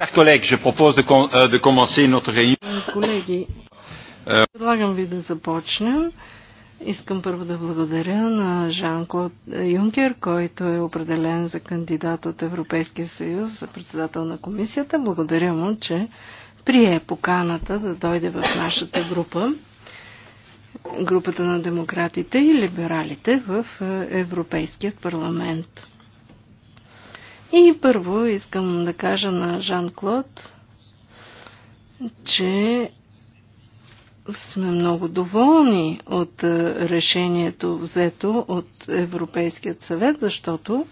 Euh, колеги, е. предлагам ви да започнем. Искам първо да благодаря на Жан-Клод Юнкер, който е определен за кандидат от Европейския съюз за председател на комисията. Благодаря му, че прие поканата да дойде в нашата група, групата на демократите и либералите в е, Европейският парламент. И първо искам да кажа на Жан-Клод, че сме много доволни от решението взето от Европейският съвет, защото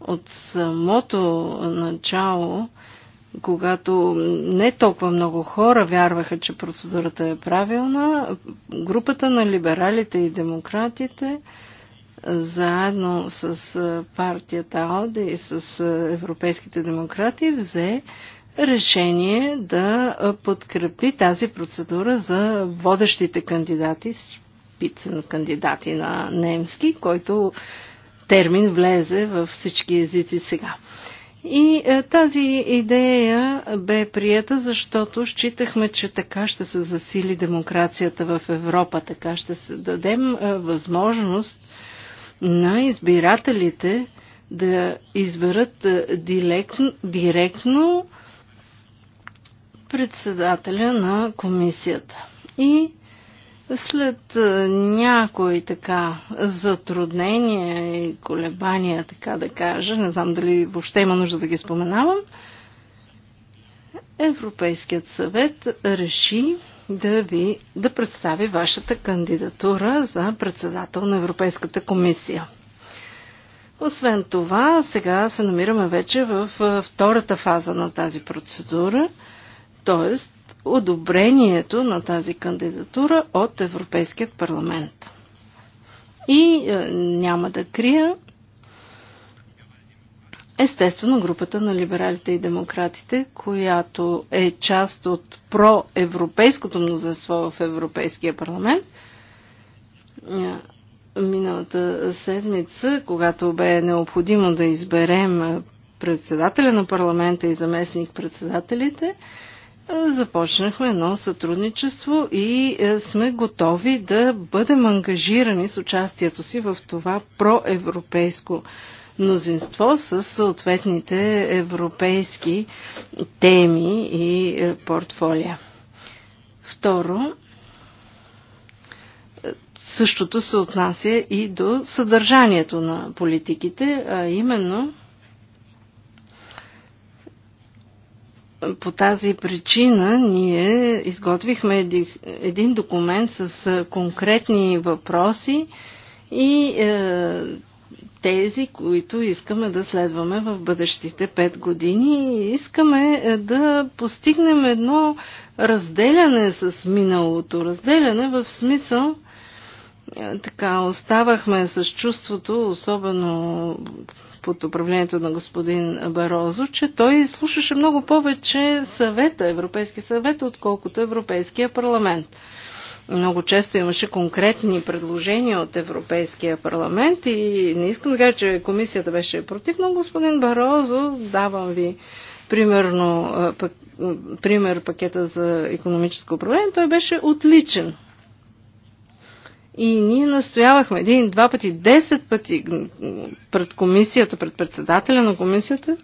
от самото начало, когато не толкова много хора вярваха, че процедурата е правилна, групата на либералите и демократите заедно с партията АОДЕ и с европейските демократи взе решение да подкрепи тази процедура за водещите кандидати, спицен кандидати на немски, който термин влезе във всички езици сега. И тази идея бе прията, защото считахме, че така ще се засили демокрацията в Европа, така ще се дадем възможност на избирателите да изберат директно, директно председателя на комисията. И след някои така затруднения и колебания, така да кажа, не знам дали въобще има нужда да ги споменавам, Европейският съвет реши да ви да представи вашата кандидатура за председател на Европейската комисия. Освен това, сега се намираме вече в втората фаза на тази процедура, т.е. одобрението на тази кандидатура от Европейският парламент. И е, няма да крия, Естествено, групата на либералите и демократите, която е част от проевропейското мнозинство в Европейския парламент, миналата седмица, когато бе необходимо да изберем председателя на парламента и заместник председателите, започнахме едно сътрудничество и сме готови да бъдем ангажирани с участието си в това проевропейско мнозинство с съответните европейски теми и е, портфолия. Второ, е, същото се отнася и до съдържанието на политиките, а именно по тази причина ние изготвихме един документ с е, конкретни въпроси и е, тези, които искаме да следваме в бъдещите пет години. Искаме е, да постигнем едно разделяне с миналото. Разделяне в смисъл е, така оставахме с чувството, особено под управлението на господин Барозо, че той слушаше много повече съвета, Европейски съвет, отколкото Европейския парламент. Много често имаше конкретни предложения от Европейския парламент и не искам да кажа, че комисията беше против, но господин Барозо, давам ви примерно, пък, пример пакета за економическо управление, той беше отличен. И ние настоявахме един, два пъти, десет пъти пред комисията, пред председателя на комисията,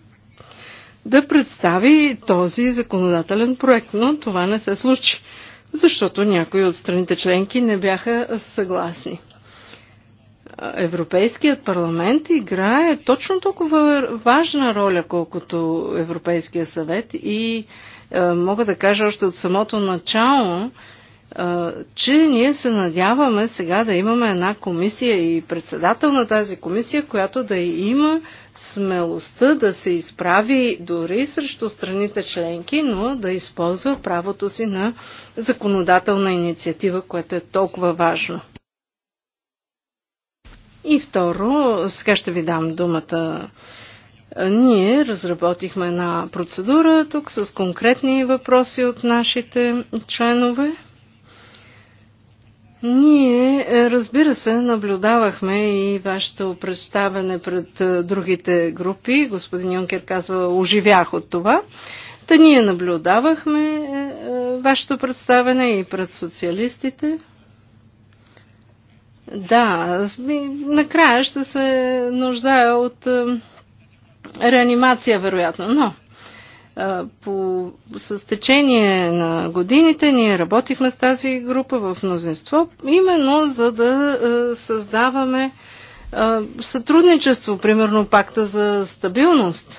да представи този законодателен проект, но това не се случи защото някои от страните членки не бяха съгласни. Европейският парламент играе точно толкова важна роля, колкото Европейския съвет и е, мога да кажа още от самото начало, че ние се надяваме сега да имаме една комисия и председател на тази комисия, която да има смелостта да се изправи дори срещу страните членки, но да използва правото си на законодателна инициатива, което е толкова важно. И второ, сега ще ви дам думата. Ние разработихме една процедура тук с конкретни въпроси от нашите членове. Ние, е, разбира се, наблюдавахме и вашето представене пред е, другите групи. Господин Юнкер казва, оживях от това. Та ние наблюдавахме е, вашето представене и пред социалистите. Да, накрая ще се нуждая от реанимация, вероятно, но по, с течение на годините ние работихме с тази група в мнозинство, именно за да създаваме сътрудничество, примерно пакта за стабилност.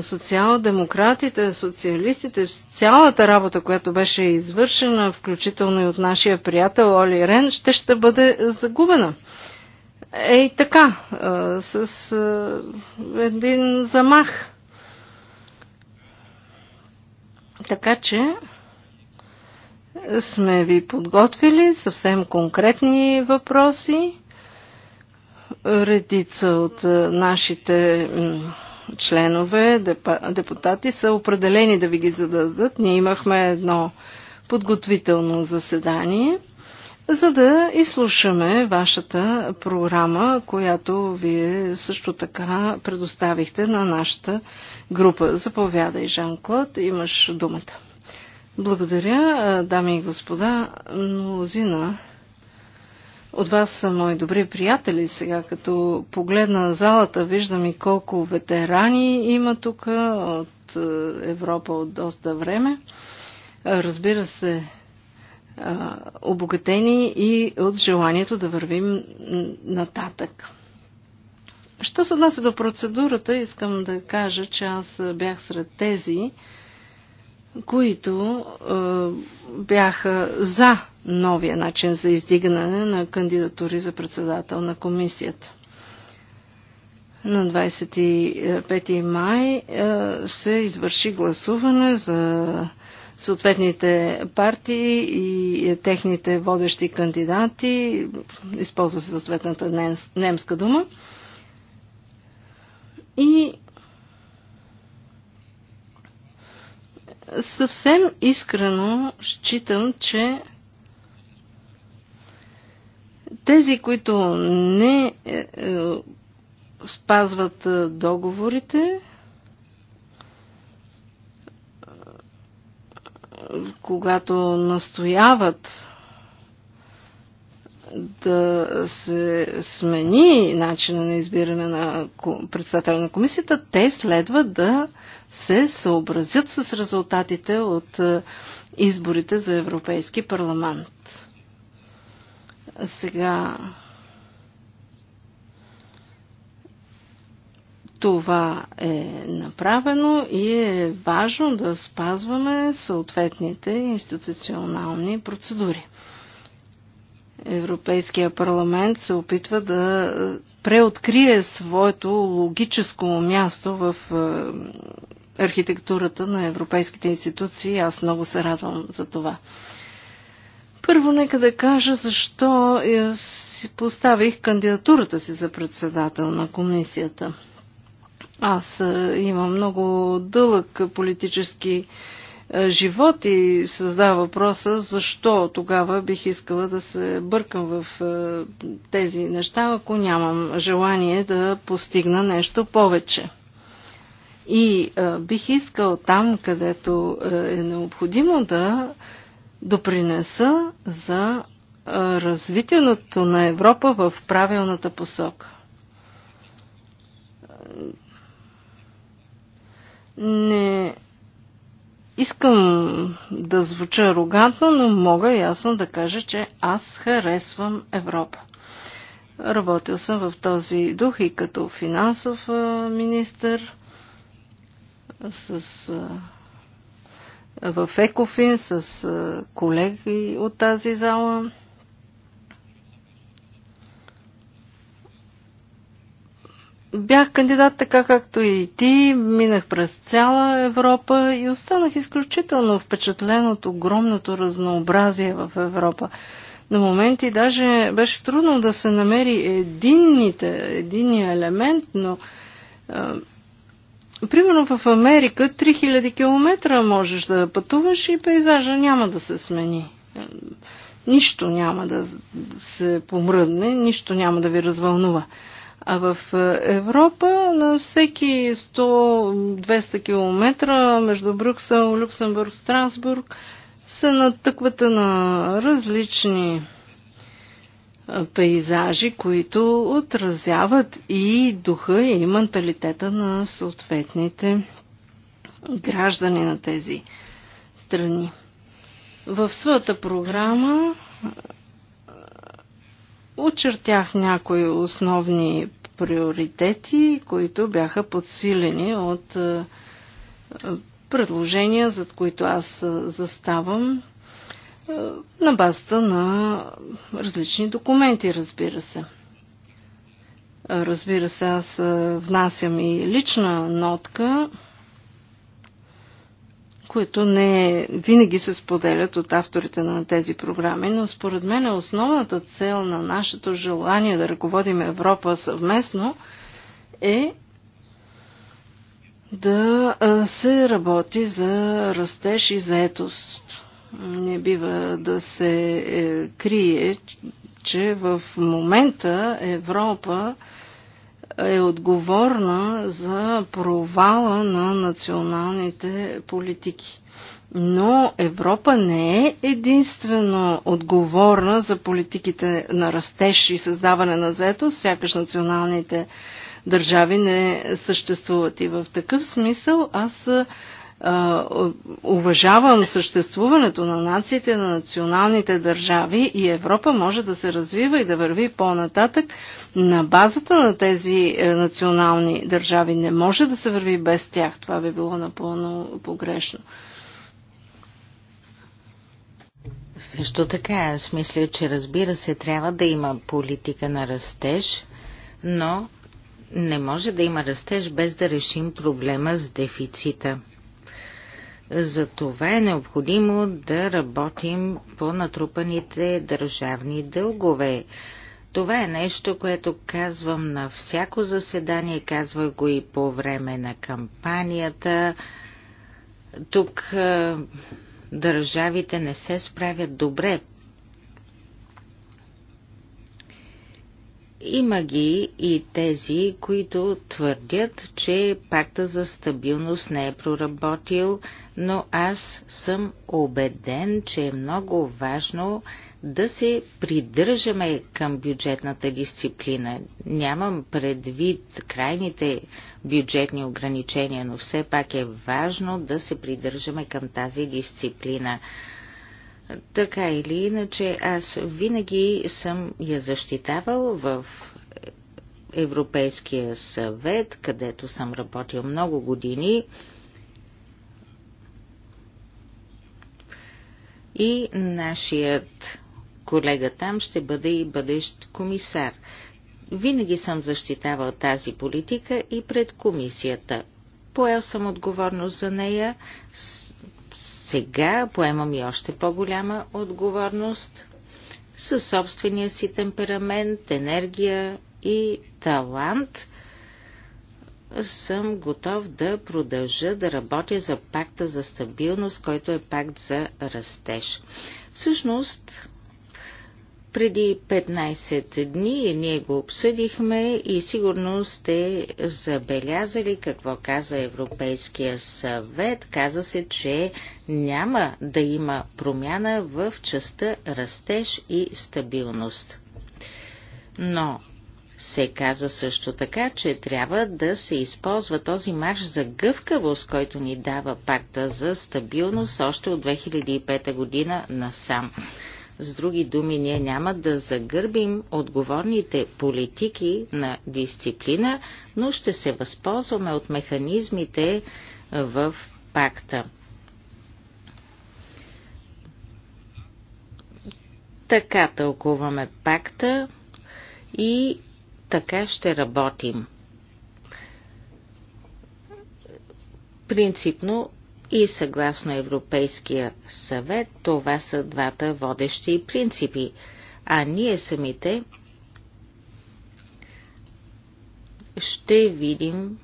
Социал-демократите, социалистите, цялата работа, която беше извършена, включително и от нашия приятел Оли Рен, ще ще бъде загубена. Ей така, с един замах Така че сме ви подготвили съвсем конкретни въпроси. Редица от е, нашите членове, депутати са определени да ви ги зададат. Ние имахме едно подготвително заседание – за да изслушаме вашата програма, която вие също така предоставихте на нашата група. Заповядай, Жан-Клод, имаш думата. Благодаря, дами и господа. Мнозина от вас са мои добри приятели. Сега, като погледна залата, виждам и колко ветерани има тук от Европа от доста време. Разбира се, обогатени и от желанието да вървим нататък. Що се отнася до процедурата, искам да кажа, че аз бях сред тези, които е, бяха за новия начин за издигане на кандидатури за председател на комисията. На 25 май е, се извърши гласуване за съответните партии и техните водещи кандидати, използва се съответната немска дума. И съвсем искрено считам, че тези, които не е, е, спазват е, договорите, когато настояват да се смени начина на избиране на председател на комисията, те следва да се съобразят с резултатите от е, изборите за Европейски парламент. Сега Това е направено и е важно да спазваме съответните институционални процедури. Европейския парламент се опитва да преоткрие своето логическо място в е, архитектурата на европейските институции. Аз много се радвам за това. Първо нека да кажа защо си поставих кандидатурата си за председател на комисията. Аз е, имам много дълъг политически е, живот и създава въпроса защо тогава бих искала да се бъркам в е, тези неща, ако нямам желание да постигна нещо повече. И бих искал там, където е необходимо да допринеса за развитието на Европа в правилната посока не искам да звуча арогантно, но мога ясно да кажа, че аз харесвам Европа. Работил съм в този дух и като финансов министр с, в Екофин с колеги от тази зала. Бях кандидат така както и ти, минах през цяла Европа и останах изключително впечатлен от огромното разнообразие в Европа. На моменти даже беше трудно да се намери единните, единия елемент, но е, примерно в Америка 3000 км можеш да пътуваш и пейзажа няма да се смени. Нищо няма да се помръдне, нищо няма да ви развълнува. А в Европа на всеки 100-200 км между Брюксел, Люксембург, Страсбург се натъквате на различни пейзажи, които отразяват и духа и менталитета на съответните граждани на тези страни. В своята програма Очертях някои основни приоритети, които бяха подсилени от е, предложения, зад които аз е, заставам е, на базата на различни документи, разбира се. Разбира се, аз внасям и лична нотка – които не винаги се споделят от авторите на тези програми, но според мен основната цел на нашето желание да ръководим Европа съвместно е да се работи за растеж и заетост. Не бива да се е, крие, че в момента Европа е отговорна за провала на националните политики. Но Европа не е единствено отговорна за политиките на растеж и създаване на заетост, сякаш националните държави не съществуват. И в такъв смисъл аз уважавам съществуването на нациите, на националните държави и Европа може да се развива и да върви по-нататък на базата на тези е, национални държави. Не може да се върви без тях. Това би било напълно погрешно. Също така, аз мисля, че разбира се, трябва да има политика на растеж, но не може да има растеж без да решим проблема с дефицита. За това е необходимо да работим по натрупаните държавни дългове. Това е нещо, което казвам на всяко заседание, казвам го и по време на кампанията. Тук държавите не се справят добре. Има ги и тези, които твърдят, че пакта за стабилност не е проработил, но аз съм убеден, че е много важно да се придържаме към бюджетната дисциплина. Нямам предвид крайните бюджетни ограничения, но все пак е важно да се придържаме към тази дисциплина. Така или иначе, аз винаги съм я защитавал в Европейския съвет, където съм работил много години. И нашият колега там ще бъде и бъдещ комисар. Винаги съм защитавал тази политика и пред комисията. Поел съм отговорност за нея, сега поемам и още по-голяма отговорност със собствения си темперамент, енергия и талант съм готов да продължа да работя за пакта за стабилност, който е пакт за растеж. Всъщност, преди 15 дни ние го обсъдихме и сигурно сте забелязали какво каза Европейския съвет. Каза се, че няма да има промяна в частта растеж и стабилност. Но се каза също така, че трябва да се използва този марш за гъвкавост, който ни дава пакта за стабилност още от 2005 година насам. С други думи, ние няма да загърбим отговорните политики на дисциплина, но ще се възползваме от механизмите в пакта. Така тълкуваме пакта и така ще работим. Принципно и съгласно Европейския съвет това са двата водещи принципи, а ние самите ще видим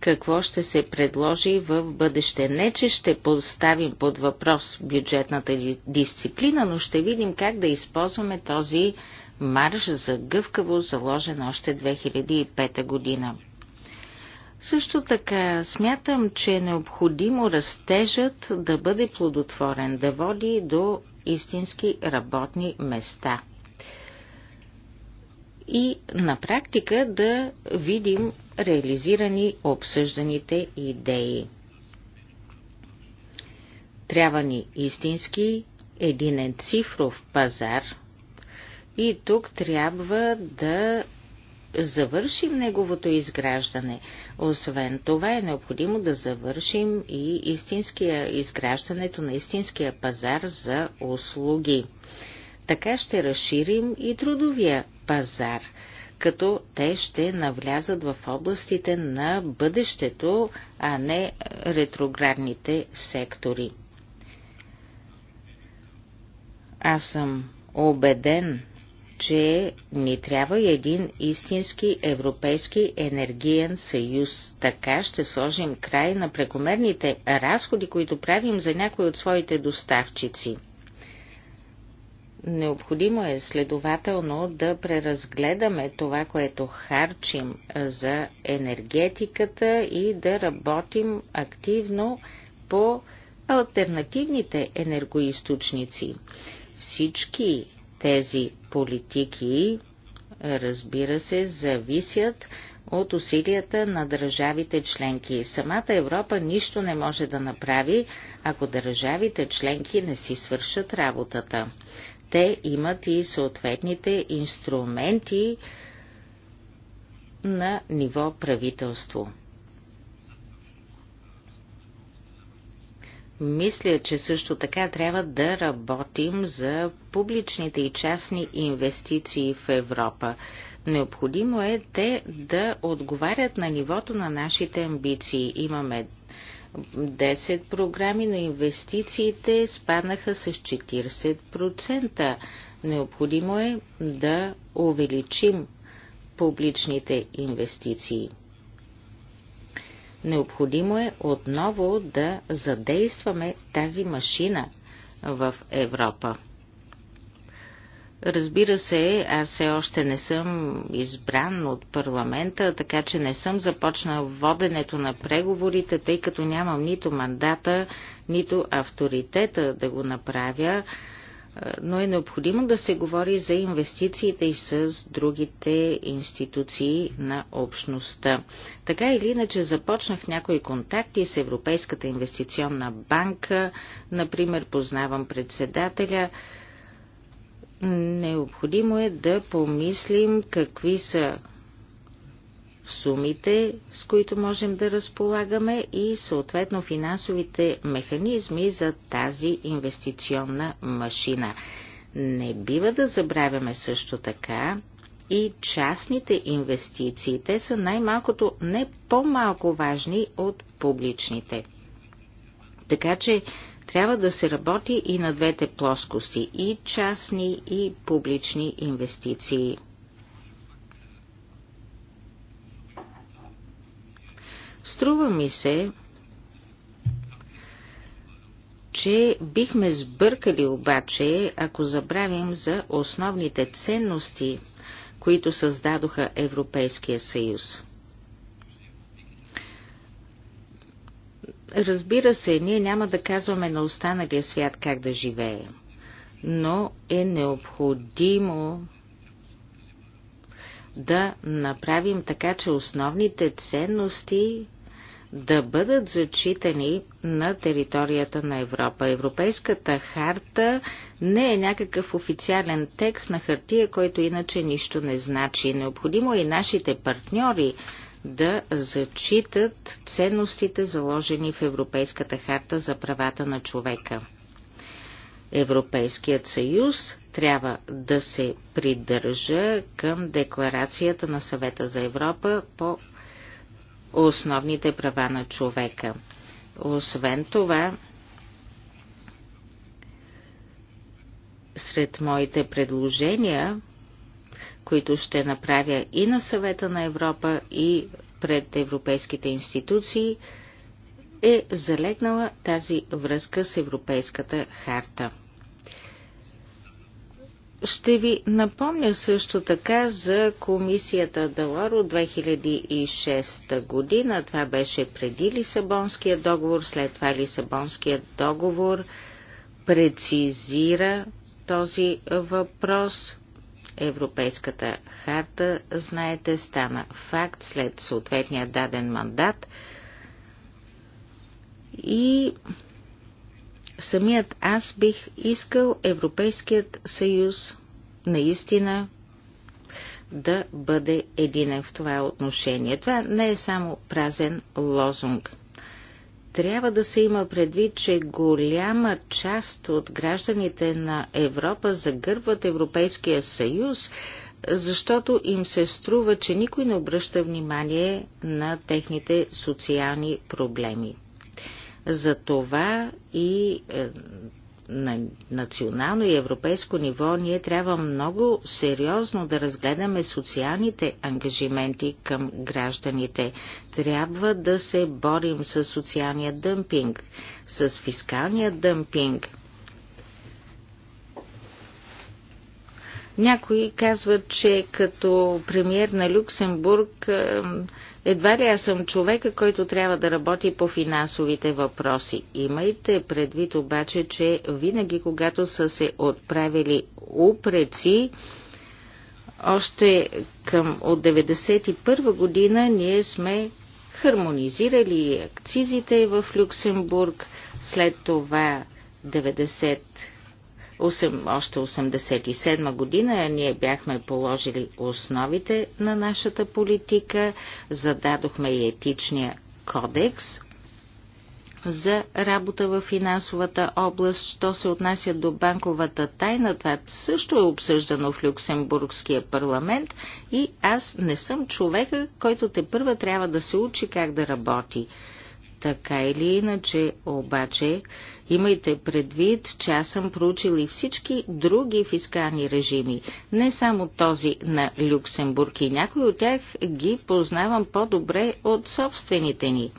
какво ще се предложи в бъдеще. Не, че ще поставим под въпрос бюджетната дисциплина, но ще видим как да използваме този марш за гъвкаво заложен още 2005 година. Също така смятам, че е необходимо растежът да бъде плодотворен, да води до истински работни места. И на практика да видим реализирани обсъжданите идеи. Трябва ни истински единен цифров пазар и тук трябва да завършим неговото изграждане. Освен това е необходимо да завършим и истинския, изграждането на истинския пазар за услуги. Така ще разширим и трудовия пазар, като те ще навлязат в областите на бъдещето, а не ретроградните сектори. Аз съм убеден, че ни трябва един истински европейски енергиен съюз. Така ще сложим край на прекомерните разходи, които правим за някои от своите доставчици. Необходимо е следователно да преразгледаме това, което харчим за енергетиката и да работим активно по альтернативните енергоисточници. Всички тези политики, разбира се, зависят от усилията на държавите членки. Самата Европа нищо не може да направи, ако държавите членки не си свършат работата. Те имат и съответните инструменти на ниво правителство. Мисля, че също така трябва да работим за публичните и частни инвестиции в Европа. Необходимо е те да отговарят на нивото на нашите амбиции. Имаме 10 програми, но инвестициите спаднаха с 40%. Необходимо е да увеличим публичните инвестиции. Необходимо е отново да задействаме тази машина в Европа. Разбира се, аз все още не съм избран от парламента, така че не съм започнал воденето на преговорите, тъй като нямам нито мандата, нито авторитета да го направя. Е, но е необходимо да се говори за инвестициите и с другите институции на общността. Така или иначе започнах някои контакти с Европейската инвестиционна банка, например познавам председателя. Необходимо е да помислим какви са сумите, с които можем да разполагаме и съответно финансовите механизми за тази инвестиционна машина. Не бива да забравяме също така и частните инвестиции. Те са най-малкото не по-малко важни от публичните. Така че трябва да се работи и на двете плоскости и частни и публични инвестиции. Струва ми се, че бихме сбъркали обаче, ако забравим за основните ценности, които създадоха Европейския съюз. Разбира се, ние няма да казваме на останалия свят как да живее, но е необходимо да направим така, че основните ценности да бъдат зачитани на територията на Европа. Европейската харта не е някакъв официален текст на хартия, който иначе нищо не значи. Необходимо е и нашите партньори да зачитат ценностите, заложени в Европейската харта за правата на човека. Европейският съюз трябва да се придържа към Декларацията на Съвета за Европа по основните права на човека. Освен това, сред моите предложения, които ще направя и на съвета на Европа, и пред европейските институции, е залегнала тази връзка с Европейската харта. Ще ви напомня също така за комисията Далар от 2006 година. Това беше преди Лисабонския договор, след това Лисабонския договор прецизира този въпрос. Европейската харта, знаете, стана факт след съответния даден мандат. И самият аз бих искал Европейският съюз наистина да бъде единен в това отношение. Това не е само празен лозунг. Трябва да се има предвид, че голяма част от гражданите на Европа загърбват Европейския съюз, защото им се струва, че никой не обръща внимание на техните социални проблеми. За това и е, на национално и европейско ниво ние трябва много сериозно да разгледаме социалните ангажименти към гражданите. Трябва да се борим с социалния дъмпинг, с фискалния дъмпинг. Някои казват, че като премьер на Люксембург е, едва ли аз съм човека, който трябва да работи по финансовите въпроси. Имайте предвид обаче, че винаги, когато са се отправили упреци, още към от 1991 година ние сме хармонизирали акцизите в Люксембург, след това 90 8, още 87 година ние бяхме положили основите на нашата политика, зададохме и етичния кодекс за работа в финансовата област, що се отнася до банковата тайна, това също е обсъждано в Люксембургския парламент и аз не съм човека, който те първа трябва да се учи как да работи. Така или иначе, обаче, Имайте предвид, че аз съм проучил и всички други фискални режими, не само този на Люксембург и някои от тях ги познавам по-добре от собствените ни.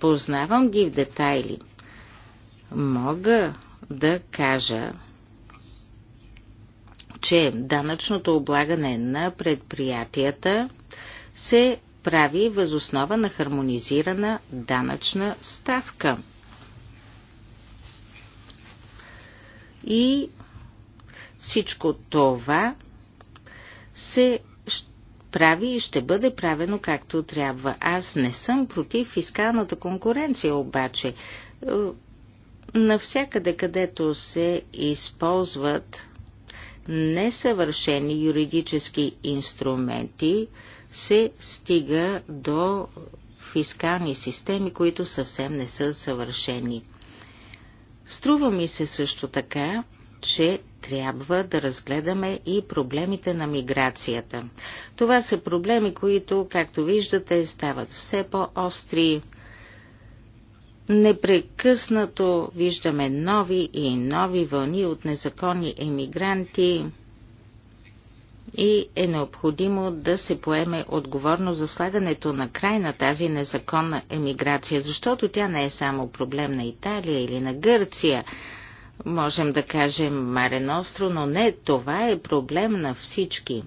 Познавам ги в детайли. Мога да кажа, че данъчното облагане на предприятията се прави възоснова на хармонизирана данъчна ставка – И всичко това се прави и ще бъде правено както трябва. Аз не съм против фискалната конкуренция, обаче е, навсякъде, където се използват несъвършени юридически инструменти, се стига до фискални системи, които съвсем не са съвършени. Струва ми се също така, че трябва да разгледаме и проблемите на миграцията. Това са проблеми, които, както виждате, стават все по-остри. Непрекъснато виждаме нови и нови вълни от незаконни емигранти – и е необходимо да се поеме отговорно за слагането на край на тази незаконна емиграция, защото тя не е само проблем на Италия или на Гърция. Можем да кажем Марен Остро, но не, това е проблем на всички.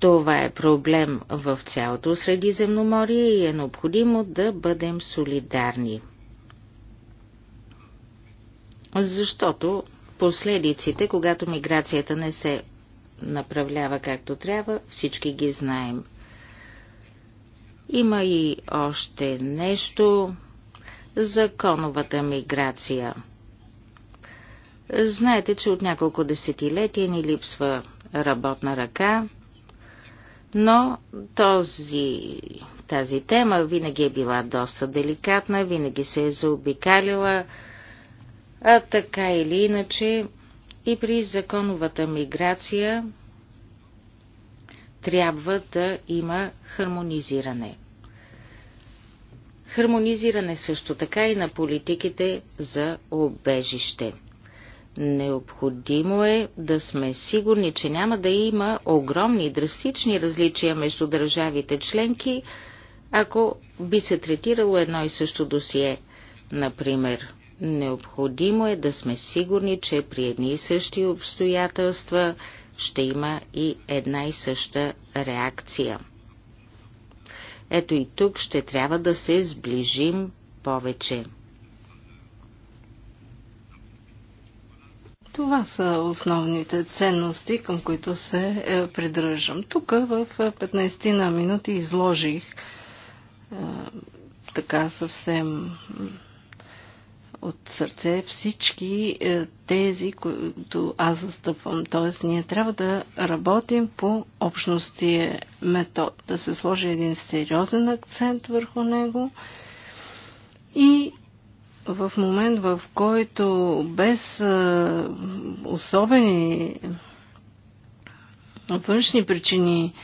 Това е проблем в цялото Средиземноморие и е необходимо да бъдем солидарни. Защото Последиците, когато миграцията не се направлява както трябва, всички ги знаем. Има и още нещо – законовата миграция. Знаете, че от няколко десетилетия ни липсва работна ръка, но този, тази тема винаги е била доста деликатна, винаги се е заобикалила – а така или иначе и при законовата миграция трябва да има хармонизиране. Хармонизиране също така и на политиките за обежище. Необходимо е да сме сигурни, че няма да има огромни драстични различия между държавите членки, ако би се третирало едно и също досие, например – Необходимо е да сме сигурни, че при едни и същи обстоятелства ще има и една и съща реакция. Ето и тук ще трябва да се сближим повече. Това са основните ценности, към които се е, придържам. Тук в 15 е, на минути изложих е, така съвсем от сърце всички е, тези, които аз застъпвам. Тоест, ние трябва да работим по общностия метод, да се сложи един сериозен акцент върху него и в момент, в който без е, особени външни причини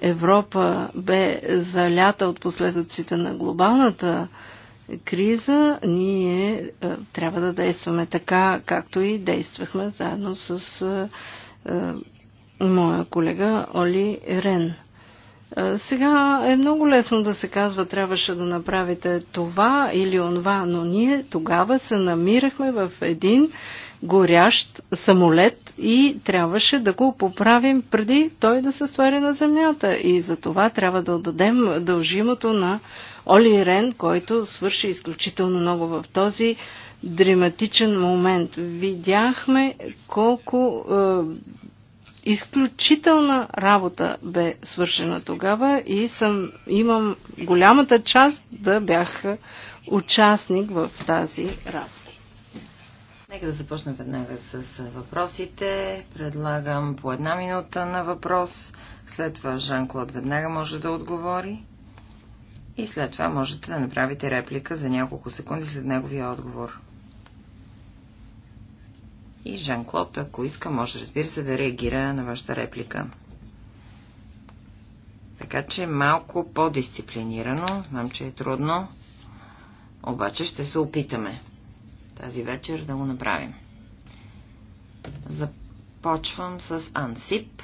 Европа бе залята от последиците на глобалната криза, ние е, трябва да действаме така, както и действахме заедно с е, е, моя колега Оли Рен. Сега е много лесно да се казва, трябваше да направите това или онва, но ние тогава се намирахме в един горящ самолет и трябваше да го поправим преди той да се стори на земята. И за това трябва да отдадем дължимото на Оли Рен, който свърши изключително много в този драматичен момент. Видяхме колко е, изключителна работа бе свършена тогава и съм, имам голямата част да бях участник в тази работа. Нека да започнем веднага с въпросите. Предлагам по една минута на въпрос. След това Жан-Клод веднага може да отговори и след това можете да направите реплика за няколко секунди след неговия отговор. И Жан-Клод, ако иска, може, разбира се, да реагира на вашата реплика. Така че малко по-дисциплинирано, знам, че е трудно, обаче ще се опитаме тази вечер да го направим. Започвам с Ансип.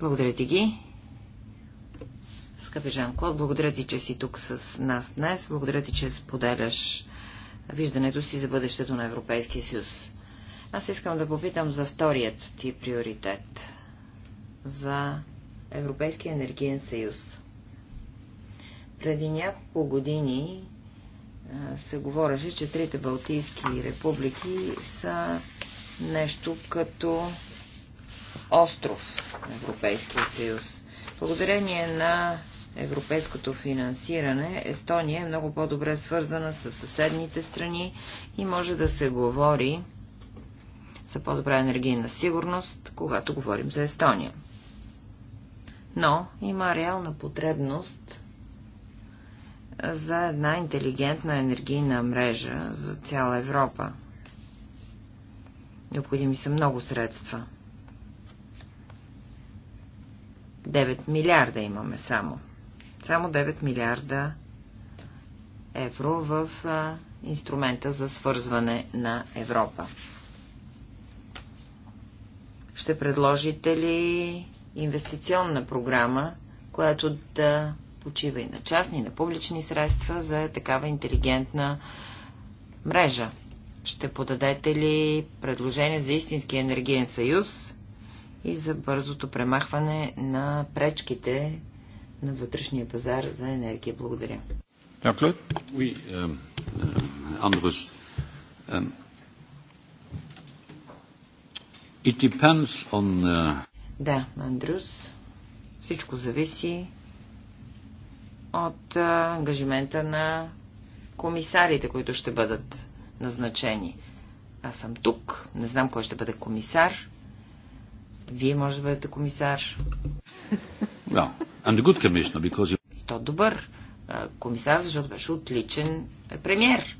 Благодаря ти, Ги. Скъпи Жан-Клод, благодаря ти, че си тук с нас днес. Благодаря ти, че споделяш виждането си за бъдещето на Европейския съюз. Аз искам да попитам за вторият ти приоритет за Европейския енергиен съюз. Преди няколко години се говореше, че трите Балтийски републики са нещо като остров на Европейския съюз. Благодарение на европейското финансиране, Естония е много по-добре свързана с съседните страни и може да се говори за по-добра енергийна сигурност, когато говорим за Естония. Но има реална потребност за една интелигентна енергийна мрежа за цяла Европа – Необходими са много средства. 9 милиарда имаме само. Само 9 милиарда евро в а, инструмента за свързване на Европа. Ще предложите ли инвестиционна програма, която да почива и на частни, и на публични средства за такава интелигентна мрежа? Ще подадете ли предложение за истински енергиен съюз и за бързото премахване на пречките на вътрешния пазар за енергия? Благодаря. Euh, euh, euh, да, Андрюс, всичко зависи от ангажимента на комисарите, които ще бъдат назначени. Аз съм тук, не знам кой ще бъде комисар. Вие може да бъдете комисар. Well, and a good commissioner, because И то добър комисар, защото беше отличен премьер.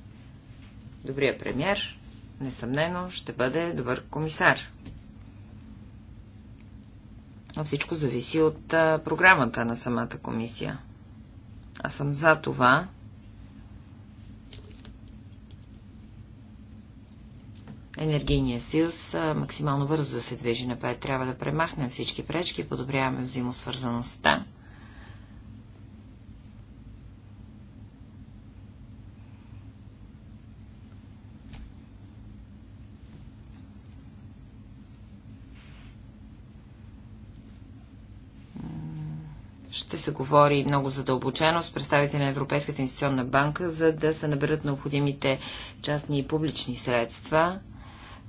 Добрият премьер, несъмнено, ще бъде добър комисар. Но всичко зависи от програмата на самата комисия. Аз съм за това енергийния съюз максимално бързо да се движи напред. Трябва да премахнем всички пречки, подобряваме взаимосвързаността. ще се говори много задълбочено с представители на Европейската инвестиционна банка, за да се наберат необходимите частни и публични средства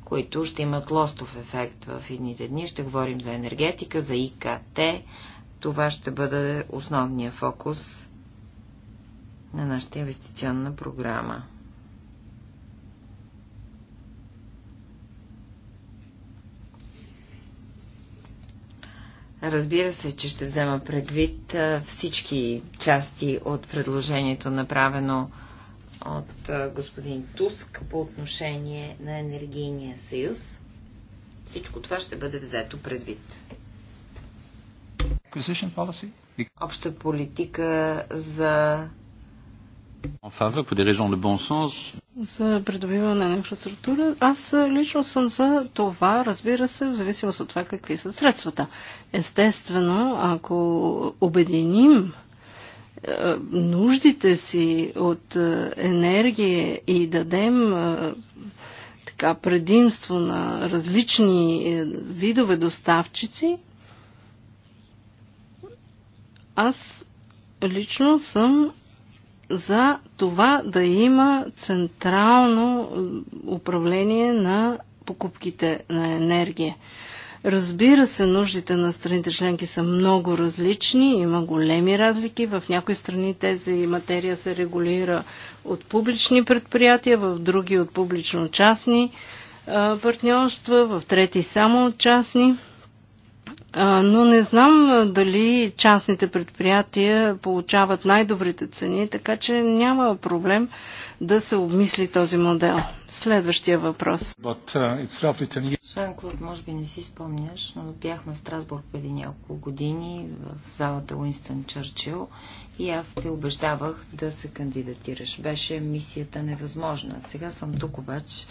които ще имат лостов ефект в едните дни. Ще говорим за енергетика, за ИКТ. Това ще бъде основния фокус на нашата инвестиционна програма. Разбира се, че ще взема предвид всички части от предложението, направено от господин Туск по отношение на енергийния съюз. Всичко това ще бъде взето предвид. Обща политика за за придобиване на инфраструктура. Аз лично съм за това, разбира се, в зависимост от това какви са средствата. Естествено, ако обединим е, нуждите си от е, енергия и дадем е, така предимство на различни видове доставчици, аз лично съм за това да има централно управление на покупките на енергия. Разбира се, нуждите на страните членки са много различни, има големи разлики. В някои страни тези материя се регулира от публични предприятия, в други от публично-частни партньорства, в трети само от частни но не знам дали частните предприятия получават най-добрите цени, така че няма проблем да се обмисли този модел. Следващия въпрос. Шанклод, uh, може би не си спомняш, но бяхме в Страсбург преди няколко години в залата Уинстън Чърчил и аз те убеждавах да се кандидатираш. Беше мисията невъзможна. Сега съм тук обаче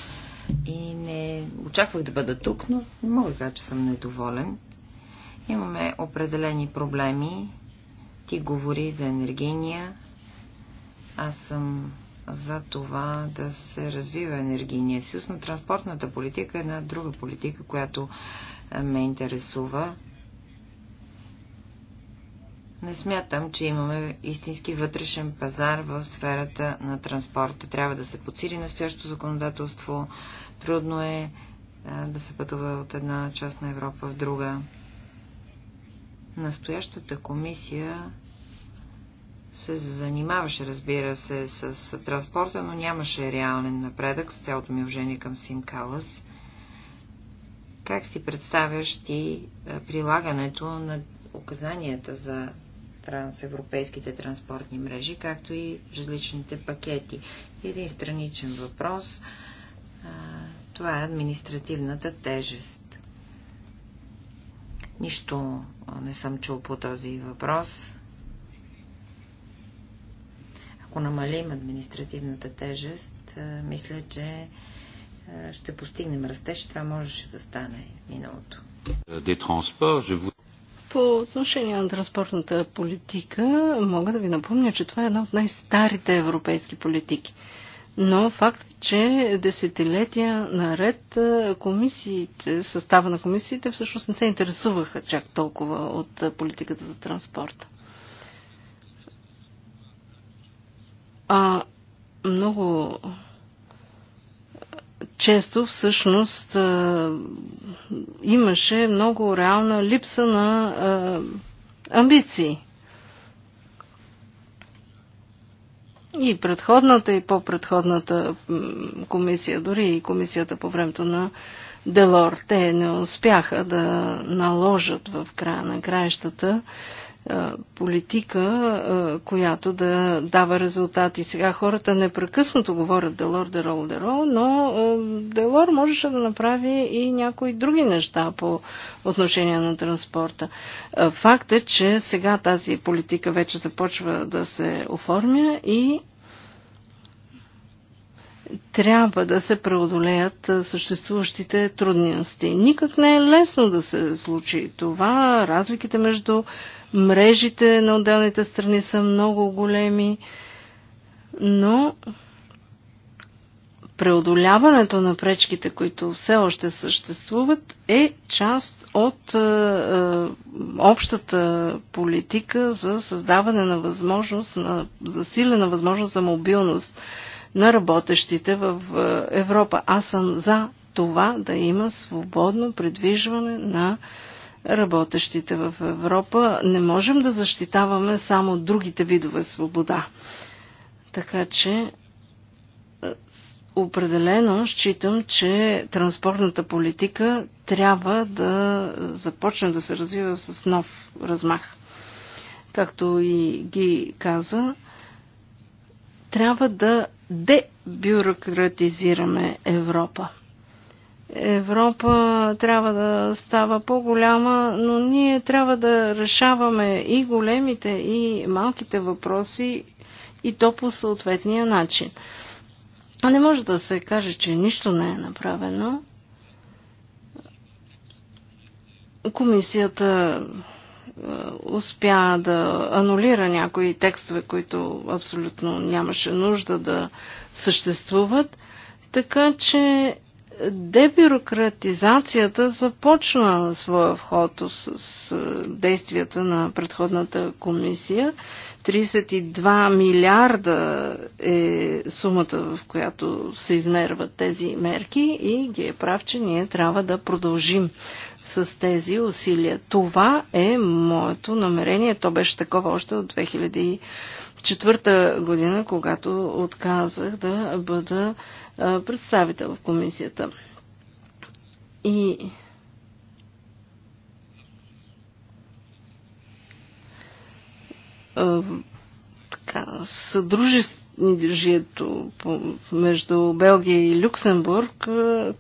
и не очаквах да бъда тук, но не мога да кажа, че съм недоволен. Имаме определени проблеми. Ти говори за енергийния. Аз съм за това да се развива енергийния съюз, но транспортната политика е една друга политика, която е, ме интересува. Не смятам, че имаме истински вътрешен пазар в сферата на транспорта. Трябва да се подсили настоящото законодателство. Трудно е, е да се пътува от една част на Европа в друга. Настоящата комисия се занимаваше, разбира се, с транспорта, но нямаше реален напредък, с цялото ми уважение към Сим Калас. Как си представяш ти е, прилагането на указанията за трансевропейските транспортни мрежи, както и различните пакети? Един страничен въпрос. Това е административната тежест. Нищо не съм чул по този въпрос. Ако намалим административната тежест, мисля, че ще постигнем растеж. Това можеше да стане миналото. По отношение на транспортната политика, мога да ви напомня, че това е една от най-старите европейски политики но факт, че десетилетия наред комисиите, състава на комисиите всъщност не се интересуваха чак толкова от политиката за транспорта. А много често всъщност имаше много реална липса на амбиции и предходната, и по-предходната комисия, дори и комисията по времето на Делор. Те не успяха да наложат в края на краищата политика, която да дава резултати. Сега хората непрекъснато говорят Делор, Дерол, Дерол, но Делор можеше да направи и някои други неща по отношение на транспорта. Факт е, че сега тази политика вече започва да се оформя и трябва да се преодолеят съществуващите трудности. Никак не е лесно да се случи това. Разликите между мрежите на отделните страни са много големи, но преодоляването на пречките, които все още съществуват, е част от е, е общата политика за създаване на възможност, на засилена възможност за мобилност на работещите в е, Европа. Аз съм за това да има свободно придвижване на е, работещите в Европа. Не можем да защитаваме само другите видове свобода. Така че е, определено считам, че транспортната политика трябва да започне да се развива с нов размах. Както и ги каза, трябва да дебюрократизираме Европа. Европа трябва да става по-голяма, но ние трябва да решаваме и големите, и малките въпроси, и то по съответния начин. А не може да се каже, че нищо не е направено. Комисията е, успя да анулира някои текстове, които абсолютно нямаше нужда да съществуват. Така че дебюрократизацията започна своя вход с, с действията на предходната комисия. 32 милиарда е сумата, в която се измерват тези мерки и ги е прав, че ние трябва да продължим с тези усилия. Това е моето намерение. То беше такова още от 2000 четвърта година, когато отказах да бъда представител в комисията. И така, съдружието между Белгия и Люксембург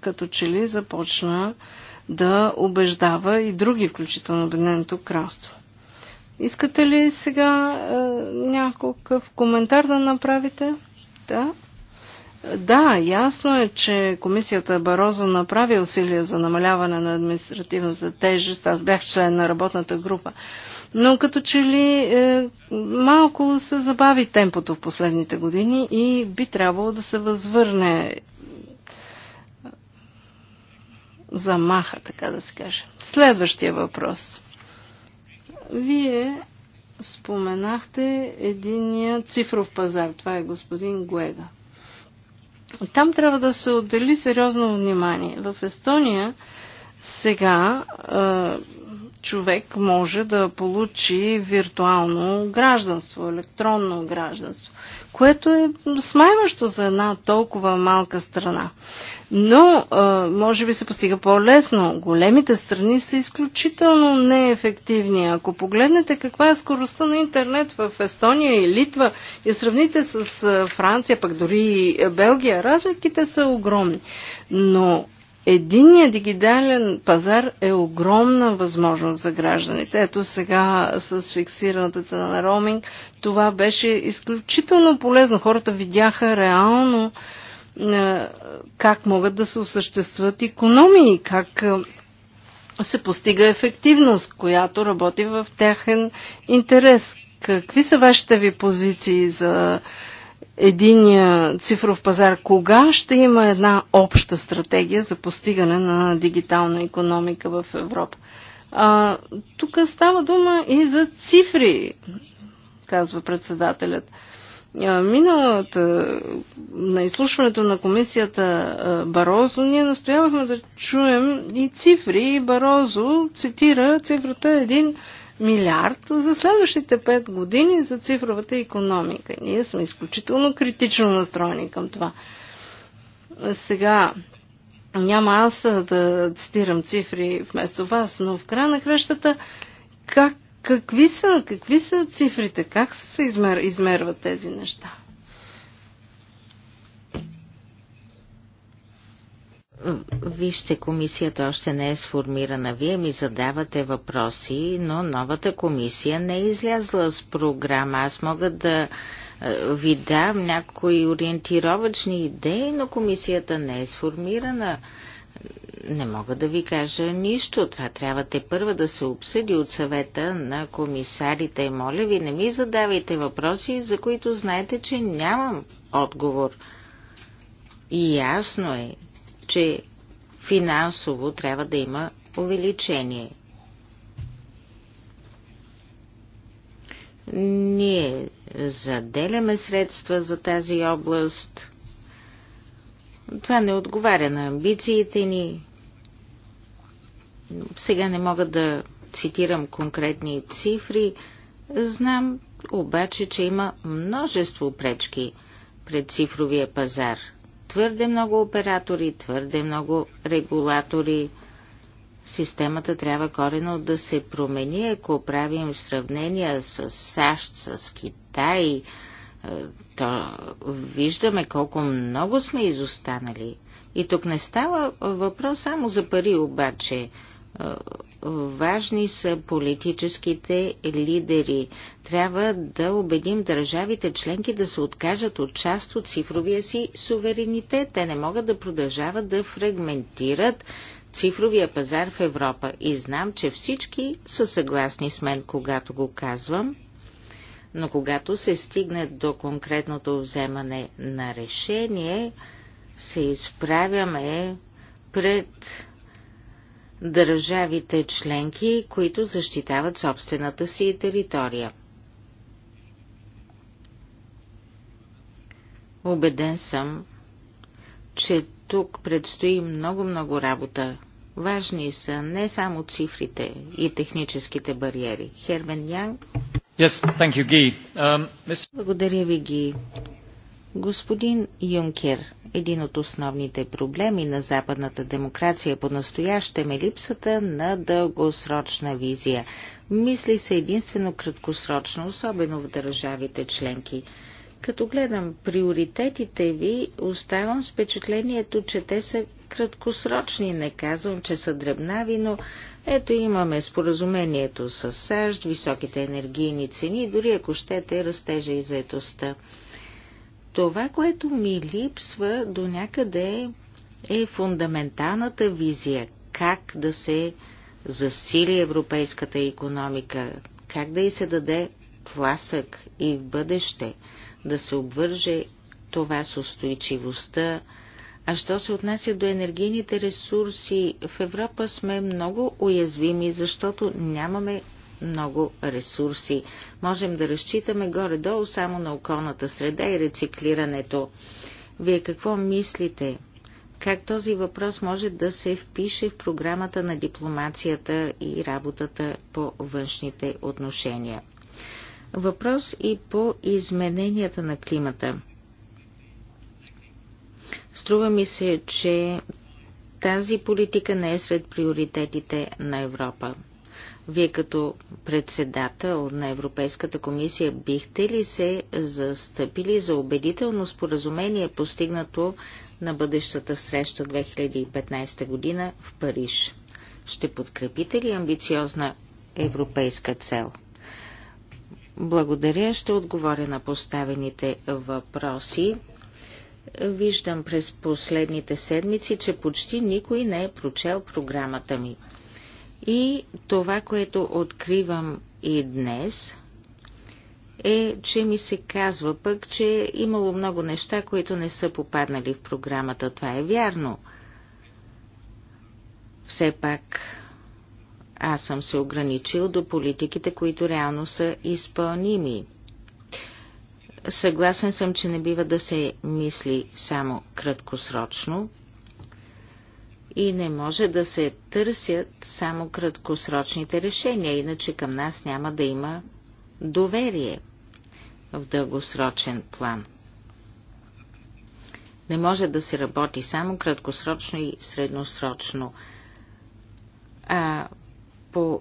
като че ли започна да убеждава и други, включително Обединеното кралство. Искате ли сега е, някакъв коментар да направите? Да. Да, ясно е, че комисията Барозо направи усилия за намаляване на административната тежест. Аз бях член на работната група. Но като че ли е, малко се забави темпото в последните години и би трябвало да се възвърне замаха, така да се каже. Следващия въпрос. Вие споменахте единия цифров пазар. Това е господин Гуега. Там трябва да се отдели сериозно внимание. В Естония сега човек може да получи виртуално гражданство, електронно гражданство което е смайващо за една толкова малка страна. Но, може би се постига по-лесно. Големите страни са изключително неефективни. Ако погледнете каква е скоростта на интернет в Естония и Литва и сравните с Франция, пък дори и Белгия, разликите са огромни. Но Единият дигитален пазар е огромна възможност за гражданите. Ето сега с фиксираната цена на роуминг, това беше изключително полезно. Хората видяха реално е, как могат да се осъществят економии, как е, се постига ефективност, която работи в тяхен интерес. Какви са вашите ви позиции за единия цифров пазар, кога ще има една обща стратегия за постигане на дигитална економика в Европа? А, тук става дума и за цифри, казва председателят. Миналата на изслушването на комисията Барозо ние настоявахме да чуем и цифри. И Барозо цитира цифрата милиард за следващите 5 години за цифровата економика. ние сме изключително критично настроени към това. Сега, няма аз да цитирам цифри вместо вас, но в края на кръщата, как, какви, са, какви са цифрите, как се измер, измерват тези неща? Вижте, комисията още не е сформирана. Вие ми задавате въпроси, но новата комисия не е излязла с програма. Аз мога да е, ви дам някои ориентировачни идеи, но комисията не е сформирана. Не мога да ви кажа нищо. Това трябва те първа да се обсъди от съвета на комисарите. Моля ви, не ми задавайте въпроси, за които знаете, че нямам отговор. И ясно е, че финансово трябва да има увеличение. Ние заделяме средства за тази област. Това не отговаря на амбициите ни. Сега не мога да цитирам конкретни цифри. Знам обаче, че има множество пречки пред цифровия пазар – твърде много оператори, твърде много регулатори. Системата трябва корено да се промени, ако правим сравнения с САЩ, с Китай, е, то виждаме колко много сме изостанали. И тук не става въпрос само за пари, обаче важни са политическите лидери. Трябва да убедим държавите членки да се откажат от част от цифровия си суверенитет. Те не могат да продължават да фрагментират цифровия пазар в Европа. И знам, че всички са съгласни с мен, когато го казвам. Но когато се стигне до конкретното вземане на решение, се изправяме пред държавите членки, които защитават собствената си територия. Обеден съм, че тук предстои много-много работа. Важни са не само цифрите и техническите бариери. Хермен Янг. Yes, thank you, Guy. Um, Благодаря ви, Ги. Господин Юнкер, един от основните проблеми на западната демокрация по-настоящем е липсата на дългосрочна визия. Мисли се единствено краткосрочно, особено в държавите членки. Като гледам приоритетите ви, оставам с впечатлението, че те са краткосрочни. Не казвам, че са дребнави, но ето имаме споразумението с САЩ, високите енергийни цени, дори ако щете растежа и заетостта. Това, което ми липсва до някъде е фундаменталната визия как да се засили европейската економика, как да й се даде тласък и в бъдеще, да се обвърже това с устойчивостта. А що се отнася до енергийните ресурси, в Европа сме много уязвими, защото нямаме много ресурси. Можем да разчитаме горе-долу само на околната среда и рециклирането. Вие какво мислите? Как този въпрос може да се впише в програмата на дипломацията и работата по външните отношения? Въпрос и по измененията на климата. Струва ми се, че тази политика не е сред приоритетите на Европа. Вие като председател на Европейската комисия бихте ли се застъпили за убедително споразумение, постигнато на бъдещата среща 2015 година в Париж? Ще подкрепите ли амбициозна европейска цел? Благодаря, ще отговоря на поставените въпроси. Виждам през последните седмици, че почти никой не е прочел програмата ми. И това, което откривам и днес, е, че ми се казва пък, че е имало много неща, които не са попаднали в програмата. Това е вярно. Все пак аз съм се ограничил до политиките, които реално са изпълними. Съгласен съм, че не бива да се мисли само краткосрочно, и не може да се търсят само краткосрочните решения, иначе към нас няма да има доверие в дългосрочен план. Не може да се работи само краткосрочно и средносрочно. А по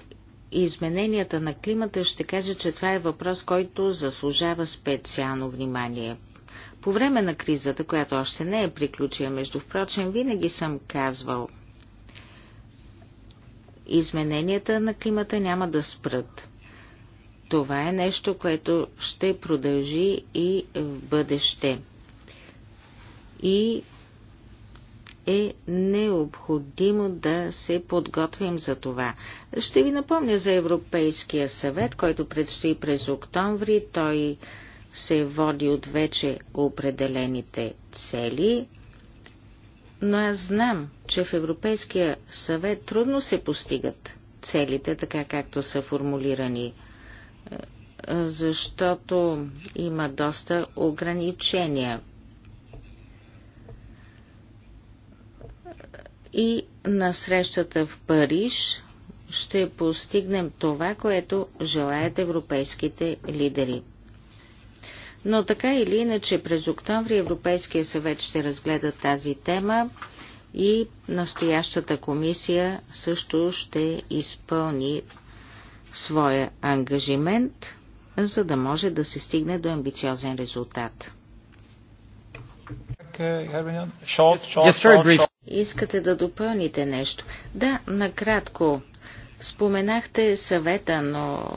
измененията на климата ще кажа, че това е въпрос, който заслужава специално внимание – по време на кризата, която още не е приключила, между впрочем, винаги съм казвал, измененията на климата няма да спрат. Това е нещо, което ще продължи и в бъдеще. И е необходимо да се подготвим за това. Ще ви напомня за Европейския съвет, който предстои през октомври. Той се води от вече определените цели, но аз знам, че в Европейския съвет трудно се постигат целите, така както са формулирани, е, защото има доста ограничения. И на срещата в Париж ще постигнем това, което желаят европейските лидери. Но така или иначе през октомври Европейския съвет ще разгледа тази тема и настоящата комисия също ще изпълни своя ангажимент, за да може да се стигне до амбициозен резултат. Искате да допълните нещо? Да, накратко. Споменахте съвета, но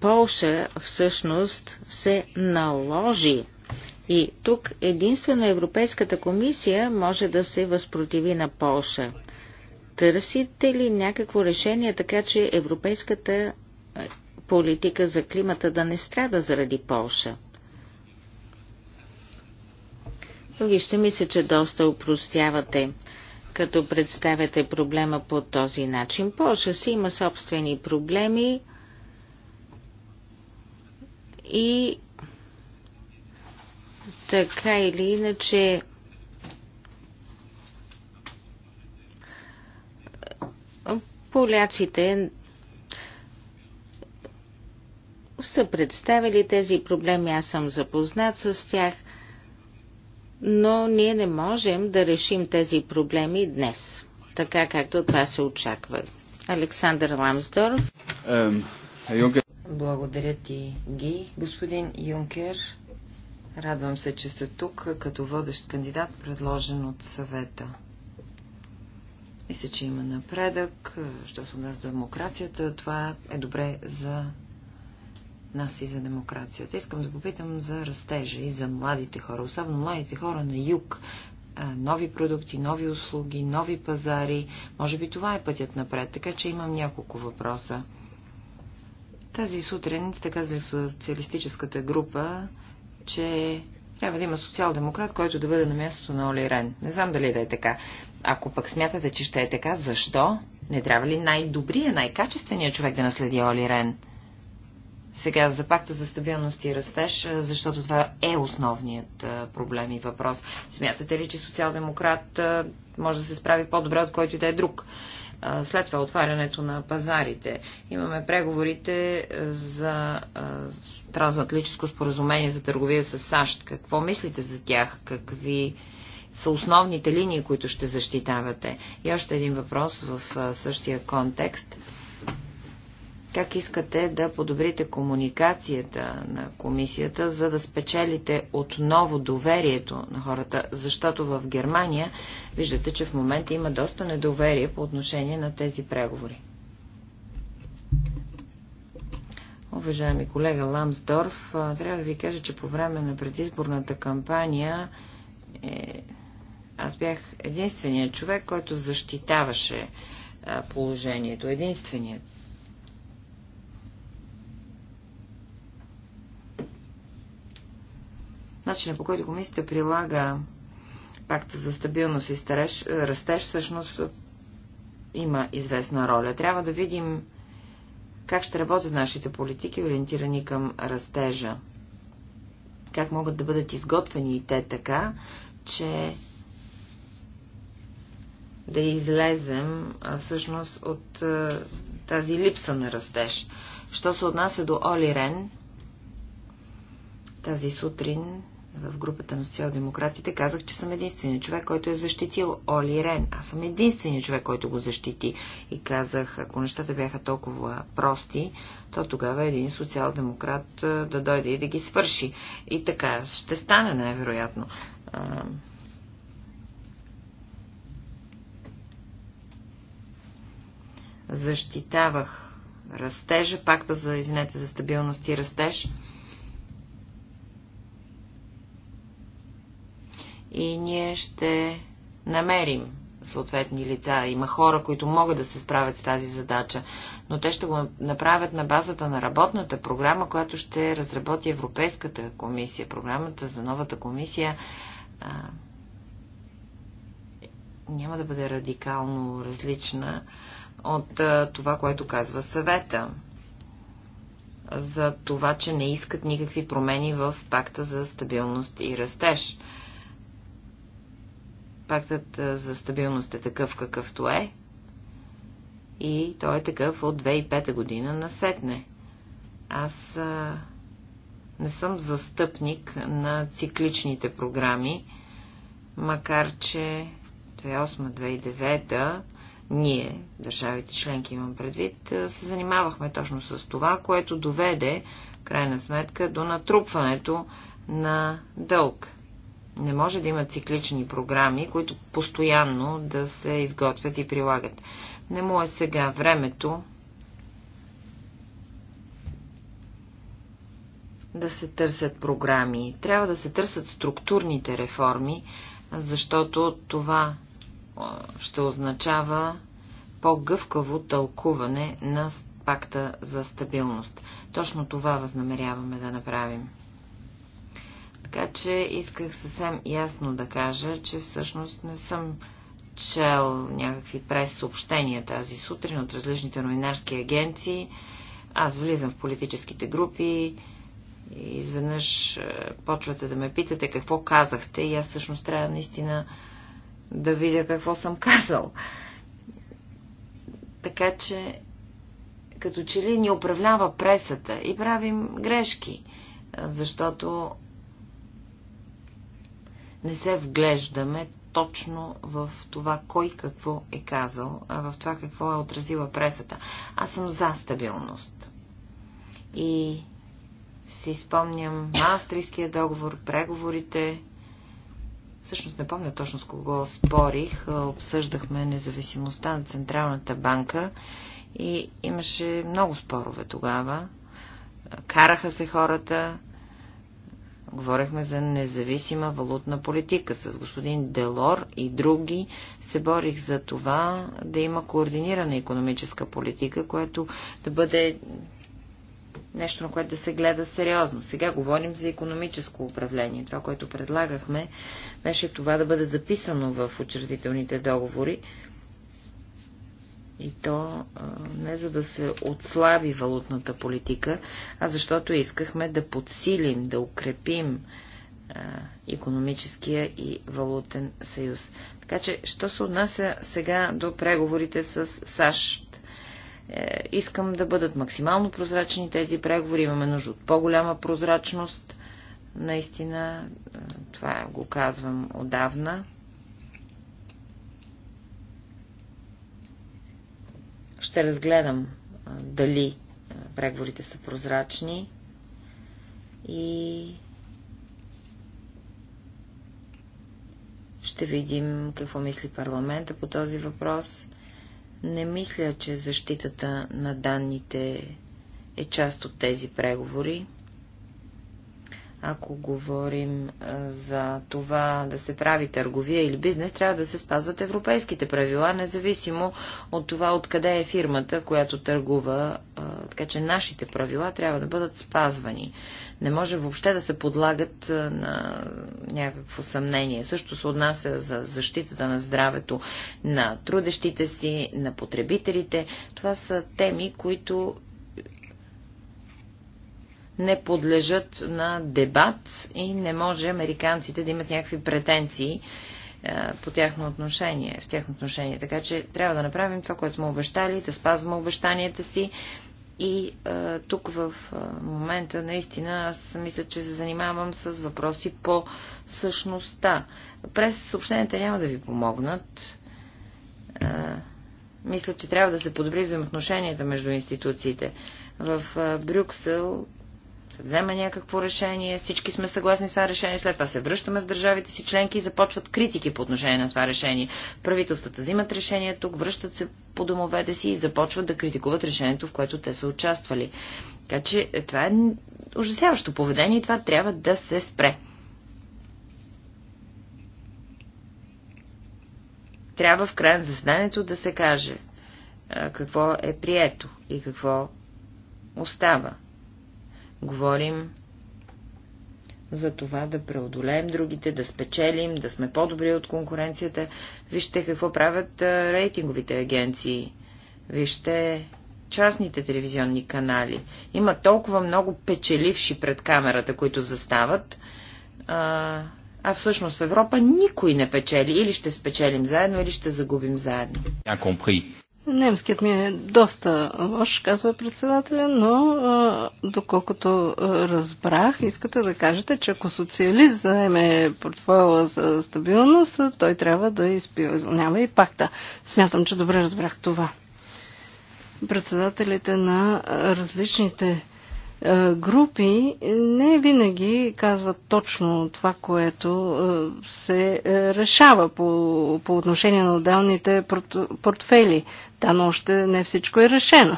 Полша всъщност се наложи. И тук единствено Европейската комисия може да се възпротиви на Полша. Търсите ли някакво решение, така че европейската е, политика за климата да не страда заради Полша? Други ще мисля, че доста упростявате, като представяте проблема по този начин. Полша си има собствени проблеми, и така или иначе поляците са представили тези проблеми, аз съм запознат с тях, но ние не можем да решим тези проблеми днес, така както това се очаква. Александър Ламсдорф. Благодаря ти, Ги. Господин Юнкер, радвам се, че сте тук като водещ кандидат, предложен от съвета. Мисля, че има напредък, що у нас демокрацията. Това е добре за нас и за демокрацията. Искам да попитам за растежа и за младите хора, особено младите хора на юг. Нови продукти, нови услуги, нови пазари. Може би това е пътят напред, така че имам няколко въпроса. Тази сутрин сте казали в социалистическата група, че трябва да има социал-демократ, който да бъде на мястото на Оли Рен. Не знам дали да е така. Ако пък смятате, че ще е така, защо? Не трябва ли най-добрия, най-качественият човек да наследи Оли Рен? Сега за пакта за стабилност и растеж, защото това е основният проблем и въпрос. Смятате ли, че социал-демократ може да се справи по-добре от който и да е друг? След това отварянето на пазарите. Имаме преговорите е, за трансатлантическо споразумение за търговия с САЩ. Какво мислите за тях? Какви са основните линии, които ще защитавате? И още един въпрос в същия контекст – как искате да подобрите комуникацията на комисията, за да спечелите отново доверието на хората? Защото в Германия виждате, че в момента има доста недоверие по отношение на тези преговори. Уважаеми колега Ламсдорф, трябва да ви кажа, че по време на предизборната кампания е, аз бях единственият човек, който защитаваше положението. Единственият Начинът по който комисията прилага пакта за стабилност и стареж, растеж всъщност има известна роля. Трябва да видим как ще работят нашите политики, ориентирани към растежа. Как могат да бъдат изготвени и те така, че да излезем всъщност от тази липса на растеж. Що се отнася до Оли Рен, тази сутрин в групата на социал-демократите, казах, че съм единственият човек, който е защитил Оли Рен. Аз съм единственият човек, който го защити. И казах, ако нещата бяха толкова прости, то тогава един социал-демократ да дойде и да ги свърши. И така ще стане най-вероятно. Защитавах растежа, пакта за, извинете, за стабилност и растеж – и ние ще намерим съответни лица. Има хора, които могат да се справят с тази задача, но те ще го направят на базата на работната програма, която ще разработи Европейската комисия. Програмата за новата комисия а, няма да бъде радикално различна от а, това, което казва съвета за това, че не искат никакви промени в пакта за стабилност и растеж. Пактът за стабилност е такъв какъвто е и той е такъв от 2005 година насетне. Аз а, не съм застъпник на цикличните програми, макар че 2008-2009 ние, държавите членки имам предвид, се занимавахме точно с това, което доведе, крайна сметка, до натрупването на дълг. Не може да има циклични програми, които постоянно да се изготвят и прилагат. Не му е сега времето да се търсят програми. Трябва да се търсят структурните реформи, защото това ще означава по-гъвкаво тълкуване на пакта за стабилност. Точно това възнамеряваме да направим. Така че исках съвсем ясно да кажа, че всъщност не съм чел някакви прес-съобщения тази сутрин от различните новинарски агенции. Аз влизам в политическите групи и изведнъж е, почвате да ме питате какво казахте и аз всъщност трябва наистина да видя какво съм казал. Така че, като че ли ни управлява пресата и правим грешки, защото не се вглеждаме точно в това кой какво е казал, а в това какво е отразила пресата. Аз съм за стабилност. И си спомням Маастрийския договор, преговорите. Всъщност не помня точно с кого спорих. Обсъждахме независимостта на Централната банка и имаше много спорове тогава. Караха се хората, Говорехме за независима валутна политика. С господин Делор и други се борих за това да има координирана економическа политика, което да бъде нещо, на което да се гледа сериозно. Сега говорим за економическо управление. Това, което предлагахме, беше това да бъде записано в учредителните договори, и то не за да се отслаби валутната политика, а защото искахме да подсилим, да укрепим економическия и валутен съюз. Така че, що се отнася сега до преговорите с САЩ? Е, искам да бъдат максимално прозрачни тези преговори. Имаме нужда от по-голяма прозрачност. Наистина, е, това го казвам отдавна. Ще разгледам дали преговорите са прозрачни и ще видим какво мисли парламента по този въпрос. Не мисля, че защитата на данните е част от тези преговори. Ако говорим за това да се прави търговия или бизнес, трябва да се спазват европейските правила, независимо от това откъде е фирмата, която търгува. Така че нашите правила трябва да бъдат спазвани. Не може въобще да се подлагат на някакво съмнение. Също се отнася за защитата на здравето на трудещите си, на потребителите. Това са теми, които не подлежат на дебат и не може американците да имат някакви претенции е, по тяхно отношение, в тяхно отношение. Така че трябва да направим това, което сме обещали, да спазваме обещанията си. И е, тук в е, момента наистина аз мисля, че се занимавам с въпроси по същността. През съобщенията няма да ви помогнат. Е, мисля, че трябва да се подобри взаимоотношенията между институциите. В е, Брюксел се взема някакво решение, всички сме съгласни с това решение, след това се връщаме в държавите си членки и започват критики по отношение на това решение. Правителствата взимат решение тук, връщат се по домовете си и започват да критикуват решението, в което те са участвали. Така че е, това е ужасяващо поведение и това трябва да се спре. Трябва в края на заседанието да се каже какво е прието и какво остава. Говорим за това да преодолеем другите, да спечелим, да сме по-добри от конкуренцията. Вижте какво правят рейтинговите агенции. Вижте частните телевизионни канали. Има толкова много печеливши пред камерата, които застават, а, а всъщност в Европа никой не печели. Или ще спечелим заедно, или ще загубим заедно. Немският ми е доста лош, казва председателя, но доколкото разбрах, искате да кажете, че ако социалист заеме портфела за стабилност, той трябва да изпълнява и пакта. Смятам, че добре разбрах това. Председателите на различните групи не винаги казват точно това, което се е, решава по, по отношение на отделните портфели. Там още не всичко е решено.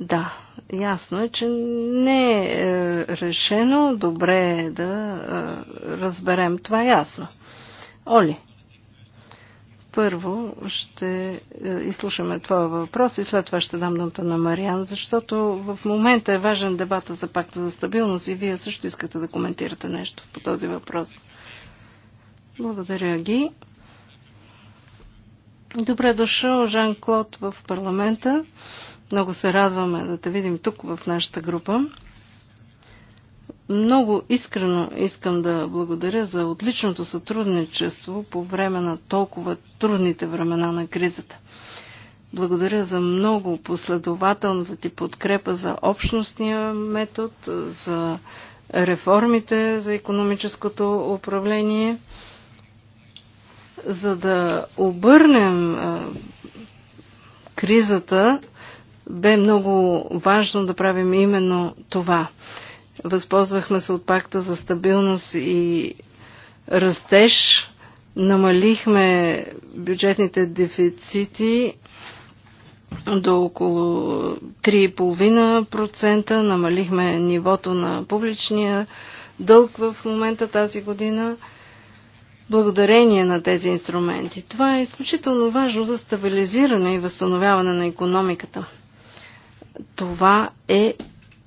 Да, ясно е, че не е, е решено. Добре е да е, разберем това ясно. Оли, първо ще е, изслушаме твоя въпрос и след това ще дам думата на Мариан, защото в момента е важен дебата за пакта за стабилност и вие също искате да коментирате нещо по този въпрос. Благодаря ги. Добре дошъл, Жан-Клод, в парламента. Много се радваме да те видим тук в нашата група. Много искрено искам да благодаря за отличното сътрудничество по време на толкова трудните времена на кризата. Благодаря за много последователната ти подкрепа за общностния метод, за реформите за економическото управление за да обърнем е, кризата, бе много важно да правим именно това. Възползвахме се от пакта за стабилност и растеж, намалихме бюджетните дефицити до около 3,5%, намалихме нивото на публичния дълг в момента тази година – благодарение на тези инструменти. Това е изключително важно за стабилизиране и възстановяване на економиката. Това е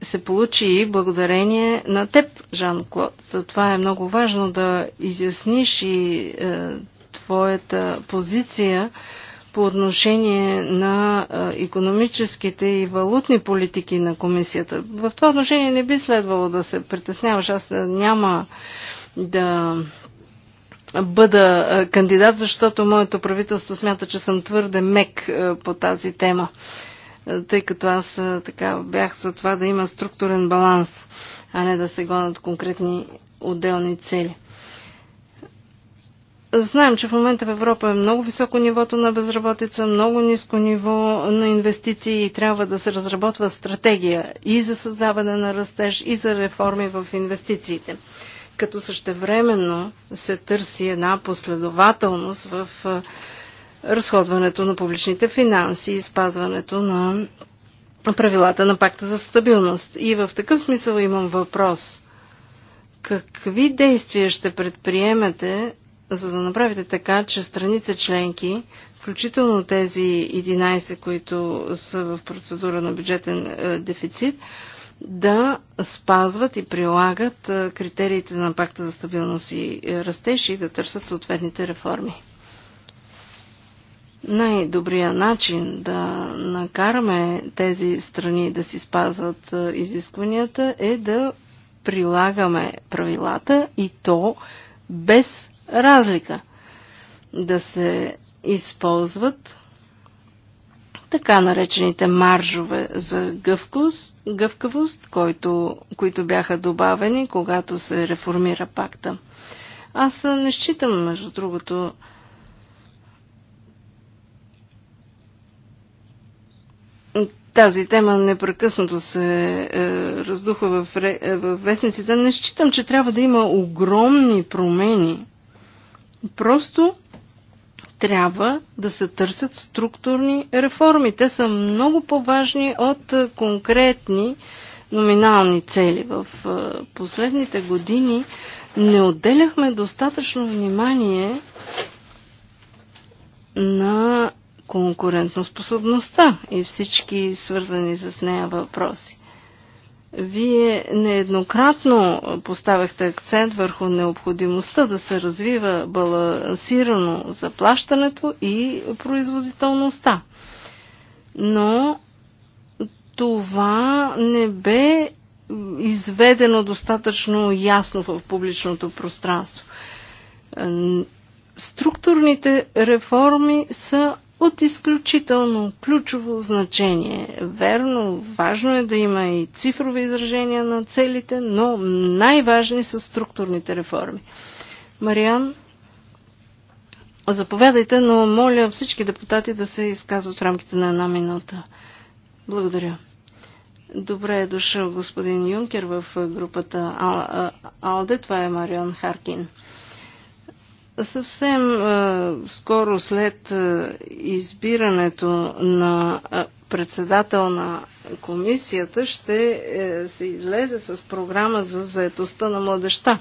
се получи и благодарение на теб, Жан-Клод. Затова е много важно да изясниш и е, твоята позиция по отношение на економическите и валутни политики на комисията. В това отношение не би следвало да се притесняваш. Аз няма да бъда кандидат, защото моето правителство смята, че съм твърде мек по тази тема, тъй като аз така бях за това да има структурен баланс, а не да се гонят конкретни отделни цели. Знаем, че в момента в Европа е много високо нивото на безработица, много ниско ниво на инвестиции и трябва да се разработва стратегия и за създаване на растеж, и за реформи в инвестициите като същевременно се търси една последователност в разходването на публичните финанси и спазването на правилата на пакта за стабилност. И в такъв смисъл имам въпрос. Какви действия ще предприемете, за да направите така, че страните членки, включително тези 11, които са в процедура на бюджетен дефицит, да спазват и прилагат критериите на пакта за стабилност и е, растеж и да търсят съответните реформи. Най-добрият начин да накараме тези страни да си спазват е, изискванията е да прилагаме правилата и то без разлика. Да се използват така наречените маржове за гъвкост, гъвкавост, който, които бяха добавени, когато се реформира пакта. Аз не считам, между другото, тази тема непрекъснато се е, раздуха в, е, в вестниците. Не считам, че трябва да има огромни промени. Просто трябва да се търсят структурни реформи. Те са много по-важни от конкретни номинални цели. В последните години не отделяхме достатъчно внимание на конкурентоспособността и всички свързани с нея въпроси. Вие нееднократно поставяхте акцент върху необходимостта да се развива балансирано заплащането и производителността. Но това не бе изведено достатъчно ясно в публичното пространство. Структурните реформи са от изключително ключово значение. Верно, важно е да има и цифрови изражения на целите, но най-важни са структурните реформи. Мариан, заповядайте, но моля всички депутати да се изказват в рамките на една минута. Благодаря. Добре е дошъл господин Юнкер в групата АЛДЕ. Това е Марион Харкин. Съвсем а, скоро след а, избирането на а, председател на комисията ще а, е, се излезе с програма за заетостта на младеща. А,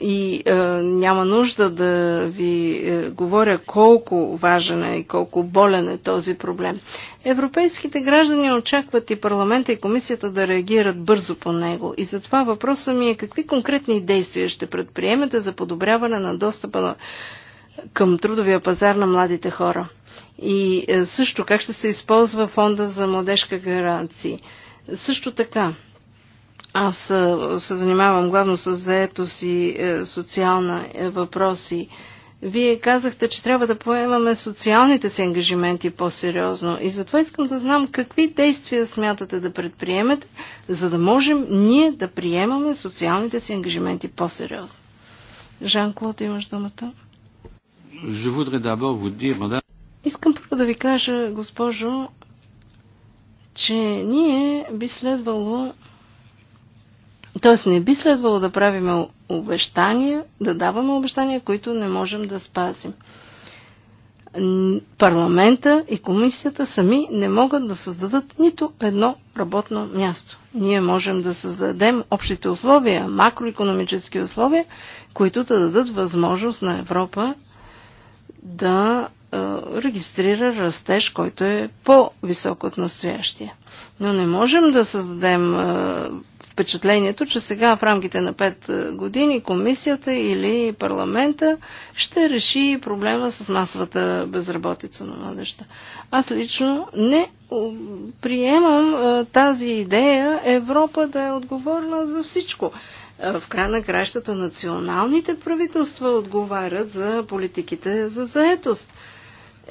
и е, няма нужда да ви е, говоря колко важен е и колко болен е този проблем. Европейските граждани очакват и парламента и комисията да реагират бързо по него. И затова въпросът ми е какви конкретни действия ще предприемете за подобряване на достъпа на, към трудовия пазар на младите хора. И е, също как ще се използва фонда за младежка гаранции. Също така, аз се занимавам главно с заетост и е, социална е, въпроси. Вие казахте, че трябва да поемаме социалните си ангажименти по-сериозно и затова искам да знам какви действия смятате да предприемете, за да можем ние да приемаме социалните си ангажименти по-сериозно. Жан-Клод, имаш думата. Искам първо да ви кажа, госпожо, че ние би следвало Тоест не би следвало да правим обещания, да даваме обещания, които не можем да спазим. Парламента и комисията сами не могат да създадат нито едно работно място. Ние можем да създадем общите условия, макроекономически условия, които да дадат възможност на Европа да регистрира растеж, който е по-висок от настоящия. Но не можем да създадем впечатлението, че сега в рамките на 5 е, години комисията или парламента ще реши проблема с масовата безработица на младеща. Аз лично не е, приемам е, тази идея Европа да е отговорна за всичко. В край на кращата националните правителства отговарят за политиките за заетост.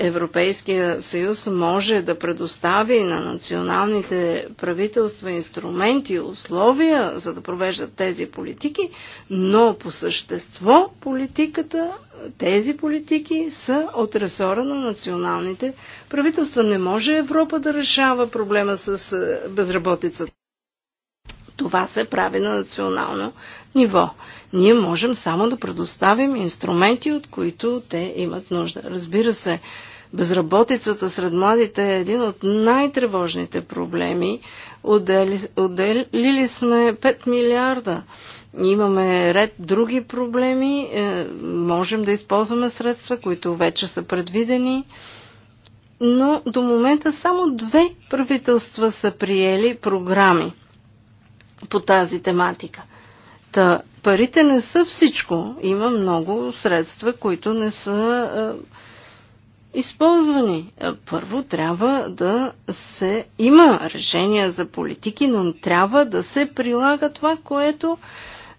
Европейския съюз може да предостави на националните правителства инструменти, условия, за да провеждат тези политики, но по същество политиката, тези политики са от ресора на националните правителства. Не може Европа да решава проблема с е, безработицата. Това се прави на национално ниво. Ние можем само да предоставим инструменти, от които те имат нужда. Разбира се, Безработицата сред младите е един от най-тревожните проблеми. Отдели, отделили сме 5 милиарда. Имаме ред други проблеми. Е, можем да използваме средства, които вече са предвидени. Но до момента само две правителства са приели програми по тази тематика. Та, парите не са всичко. Има много средства, които не са. Е, използвани. Е, първо трябва да се има решения за политики, но трябва да се прилага това, което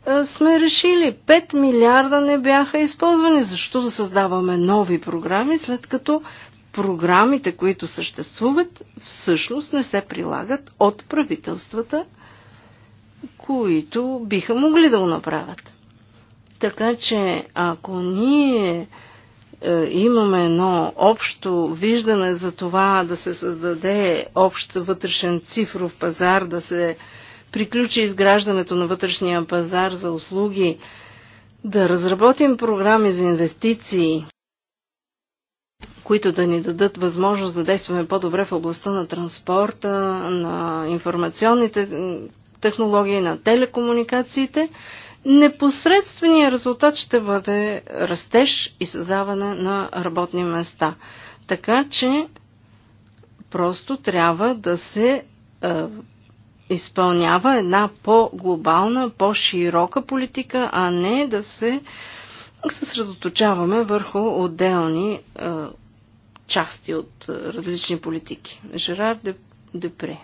е, сме решили. 5 милиарда не бяха използвани. Защо да създаваме нови програми, след като програмите, които съществуват, всъщност не се прилагат от правителствата, които биха могли да го направят. Така че, ако ние е, имаме едно общо виждане за това да се създаде общ вътрешен цифров пазар, да се приключи изграждането на вътрешния пазар за услуги, да разработим програми за инвестиции, които да ни дадат възможност да действаме по-добре в областта на транспорта, на информационните технологии, на телекомуникациите, непосредственият резултат ще бъде растеж и създаване на работни места. Така че просто трябва да се е, изпълнява една по-глобална, по-широка политика, а не да се съсредоточаваме върху отделни е, части от различни политики. Жерар Депре.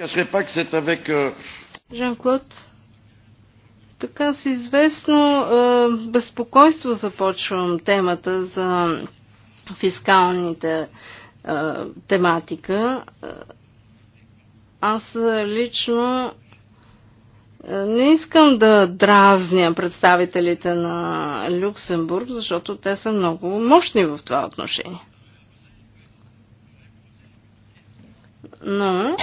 Euh, Жан-Клод така с известно а, безпокойство започвам темата за фискалните а, тематика. Аз лично не искам да дразня представителите на Люксембург, защото те са много мощни в това отношение. Но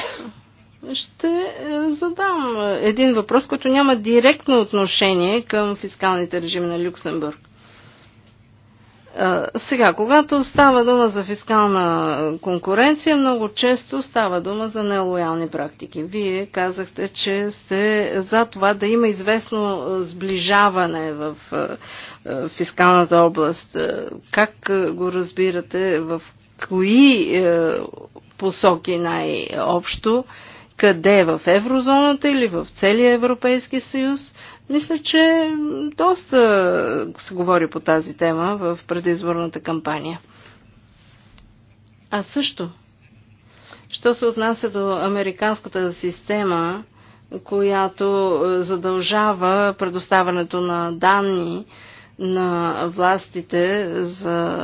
ще е, задам е, един въпрос, който няма директно отношение към фискалните режими на Люксембург. Е, сега, когато става дума за фискална конкуренция, много често става дума за нелоялни практики. Вие казахте, че сте за това да има известно сближаване в фискалната област. Как го разбирате? В кои посоки най-общо? къде е, в еврозоната или в целия Европейски съюз. Мисля, че доста се говори по тази тема в предизборната кампания. А също, що се отнася до американската система, която задължава предоставянето на данни на властите за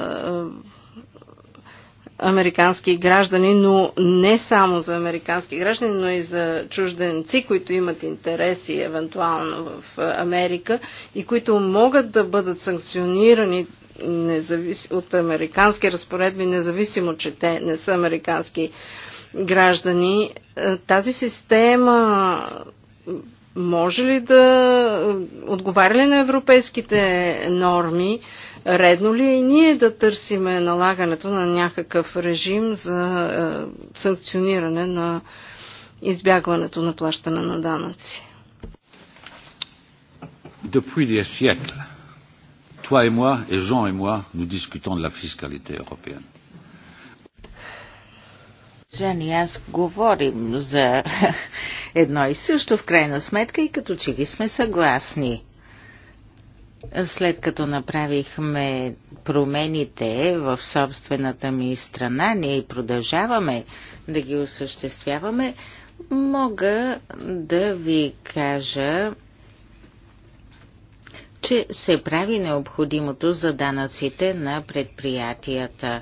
американски граждани, но не само за американски граждани, но и за чужденци, които имат интереси евентуално в Америка и които могат да бъдат санкционирани независ... от американски разпоредби, независимо, че те не са американски граждани. Е, тази система може ли да отговаря ли на европейските норми? Редно ли е и ние да търсиме налагането на някакъв режим за е, санкциониране на избягването на плащане на данъци? Depuis des siècles, toi et moi, et Jean et moi, nous discutons de la fiscalité européenne. Жан и аз говорим за едно и също в крайна сметка и като че ли сме съгласни. След като направихме промените в собствената ми страна, ние продължаваме да ги осъществяваме, мога да ви кажа, че се прави необходимото за данъците на предприятията.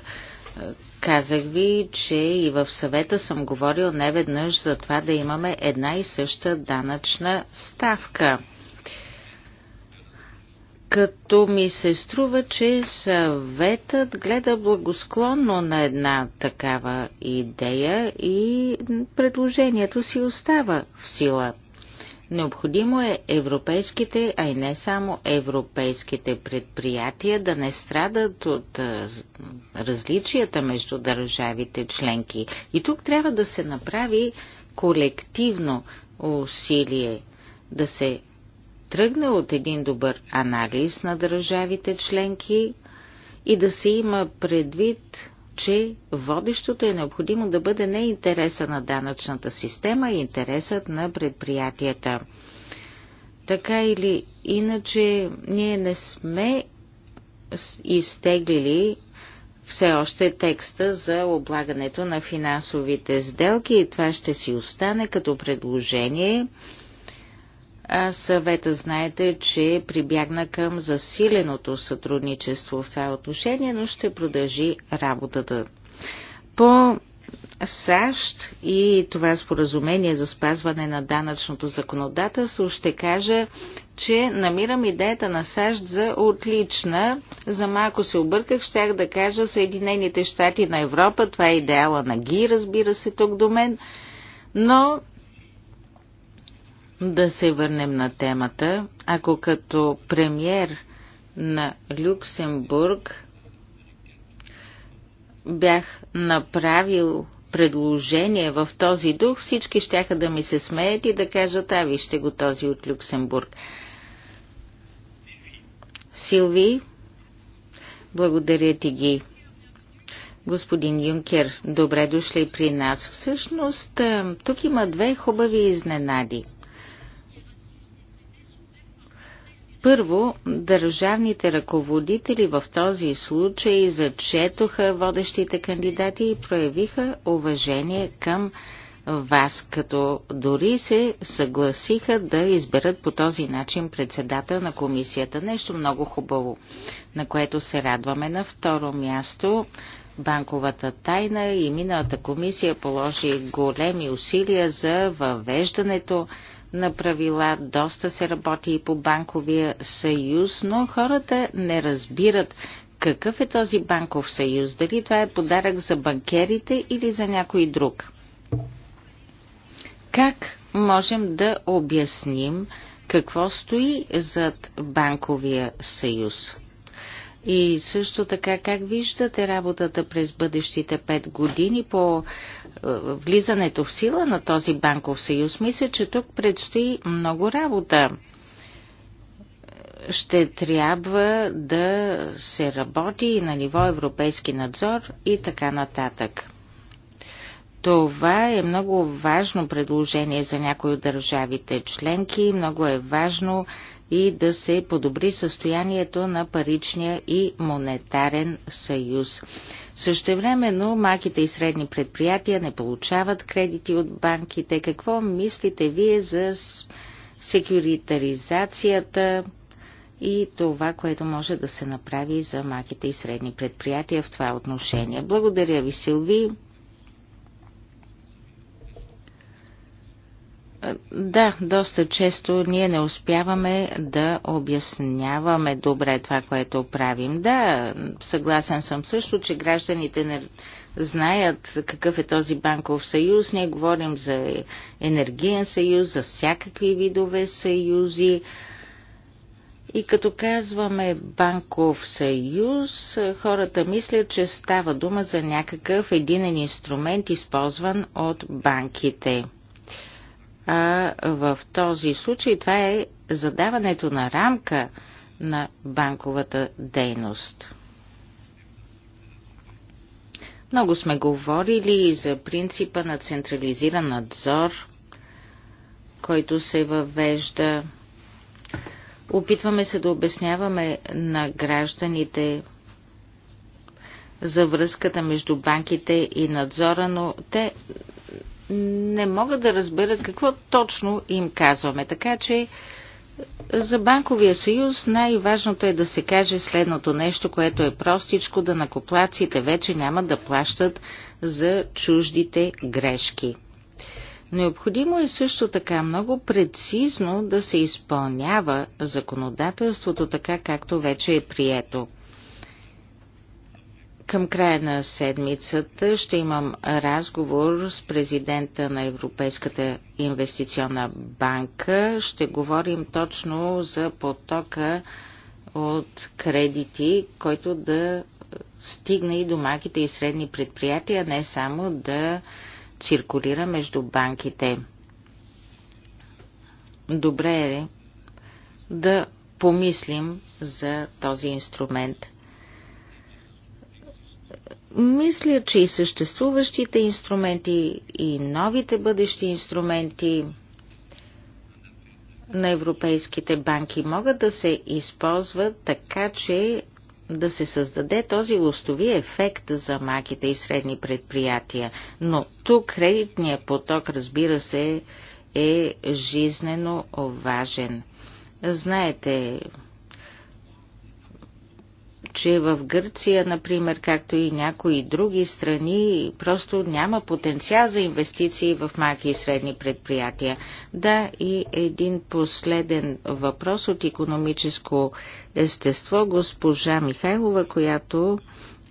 Казах ви, че и в съвета съм говорил неведнъж за това да имаме една и съща данъчна ставка – като ми се струва, че съветът гледа благосклонно на една такава идея и предложението си остава в сила. Необходимо е европейските, а и не само европейските предприятия да не страдат от различията между държавите членки. И тук трябва да се направи колективно усилие да се тръгне от един добър анализ на държавите членки и да се има предвид, че водещото е необходимо да бъде не интереса на данъчната система, а интересът на предприятията. Така или иначе, ние не сме изтеглили все още текста за облагането на финансовите сделки и това ще си остане като предложение – съвета знаете, че прибягна към засиленото сътрудничество в това отношение, но ще продължи работата. По САЩ и това споразумение за спазване на данъчното законодателство ще кажа, че намирам идеята на САЩ за отлична. За малко се обърках, щях да кажа Съединените щати на Европа. Това е идеала на ГИ, разбира се, тук до мен. Но да се върнем на темата. Ако като премьер на Люксембург бях направил предложение в този дух, всички щяха да ми се смеят и да кажат, а вижте го този от Люксембург. Силви, благодаря ти ги. Господин Юнкер, добре дошли при нас. Всъщност, е, тук има две хубави изненади – Първо, държавните ръководители в този случай зачетоха водещите кандидати и проявиха уважение към вас, като дори се съгласиха да изберат по този начин председател на комисията. Нещо много хубаво, на което се радваме. На второ място, банковата тайна и миналата комисия положи големи усилия за въвеждането на правила, доста се работи и по банковия съюз, но хората не разбират какъв е този банков съюз, дали това е подарък за банкерите или за някой друг. Как можем да обясним какво стои зад банковия съюз? И също така, как виждате работата през бъдещите пет години по е, влизането в сила на този банков съюз? Мисля, че тук предстои много работа. Ще трябва да се работи на ниво европейски надзор и така нататък. Това е много важно предложение за някои от държавите членки. Много е важно и да се подобри състоянието на паричния и монетарен съюз. Същевременно маките и средни предприятия не получават кредити от банките. Какво мислите вие за секюритаризацията и това, което може да се направи за маките и средни предприятия в това отношение? Благодаря ви, Силви. Да, доста често ние не успяваме да обясняваме добре това, което правим. Да, съгласен съм също, че гражданите не знаят какъв е този банков съюз. Ние говорим за енергиен съюз, за всякакви видове съюзи. И като казваме банков съюз, хората мислят, че става дума за някакъв единен инструмент, използван от банките а в този случай това е задаването на рамка на банковата дейност. Много сме говорили и за принципа на централизиран надзор, който се въвежда. Опитваме се да обясняваме на гражданите за връзката между банките и надзора, но те не могат да разберат какво точно им казваме. Така че за Банковия съюз най-важното е да се каже следното нещо, което е простичко, да накоплаците вече няма да плащат за чуждите грешки. Необходимо е също така много прецизно да се изпълнява законодателството така, както вече е прието. Към края на седмицата ще имам разговор с президента на Европейската инвестиционна банка. Ще говорим точно за потока от кредити, който да стигне и до малките и средни предприятия, не само да циркулира между банките. Добре е да помислим за този инструмент – мисля, че и съществуващите инструменти, и новите бъдещи инструменти на европейските банки могат да се използват така, че да се създаде този лостови ефект за маките и средни предприятия. Но тук кредитният поток, разбира се, е жизнено важен. Знаете, че в Гърция, например, както и някои други страни, просто няма потенциал за инвестиции в малки и средни предприятия. Да, и един последен въпрос от економическо естество, госпожа Михайлова, която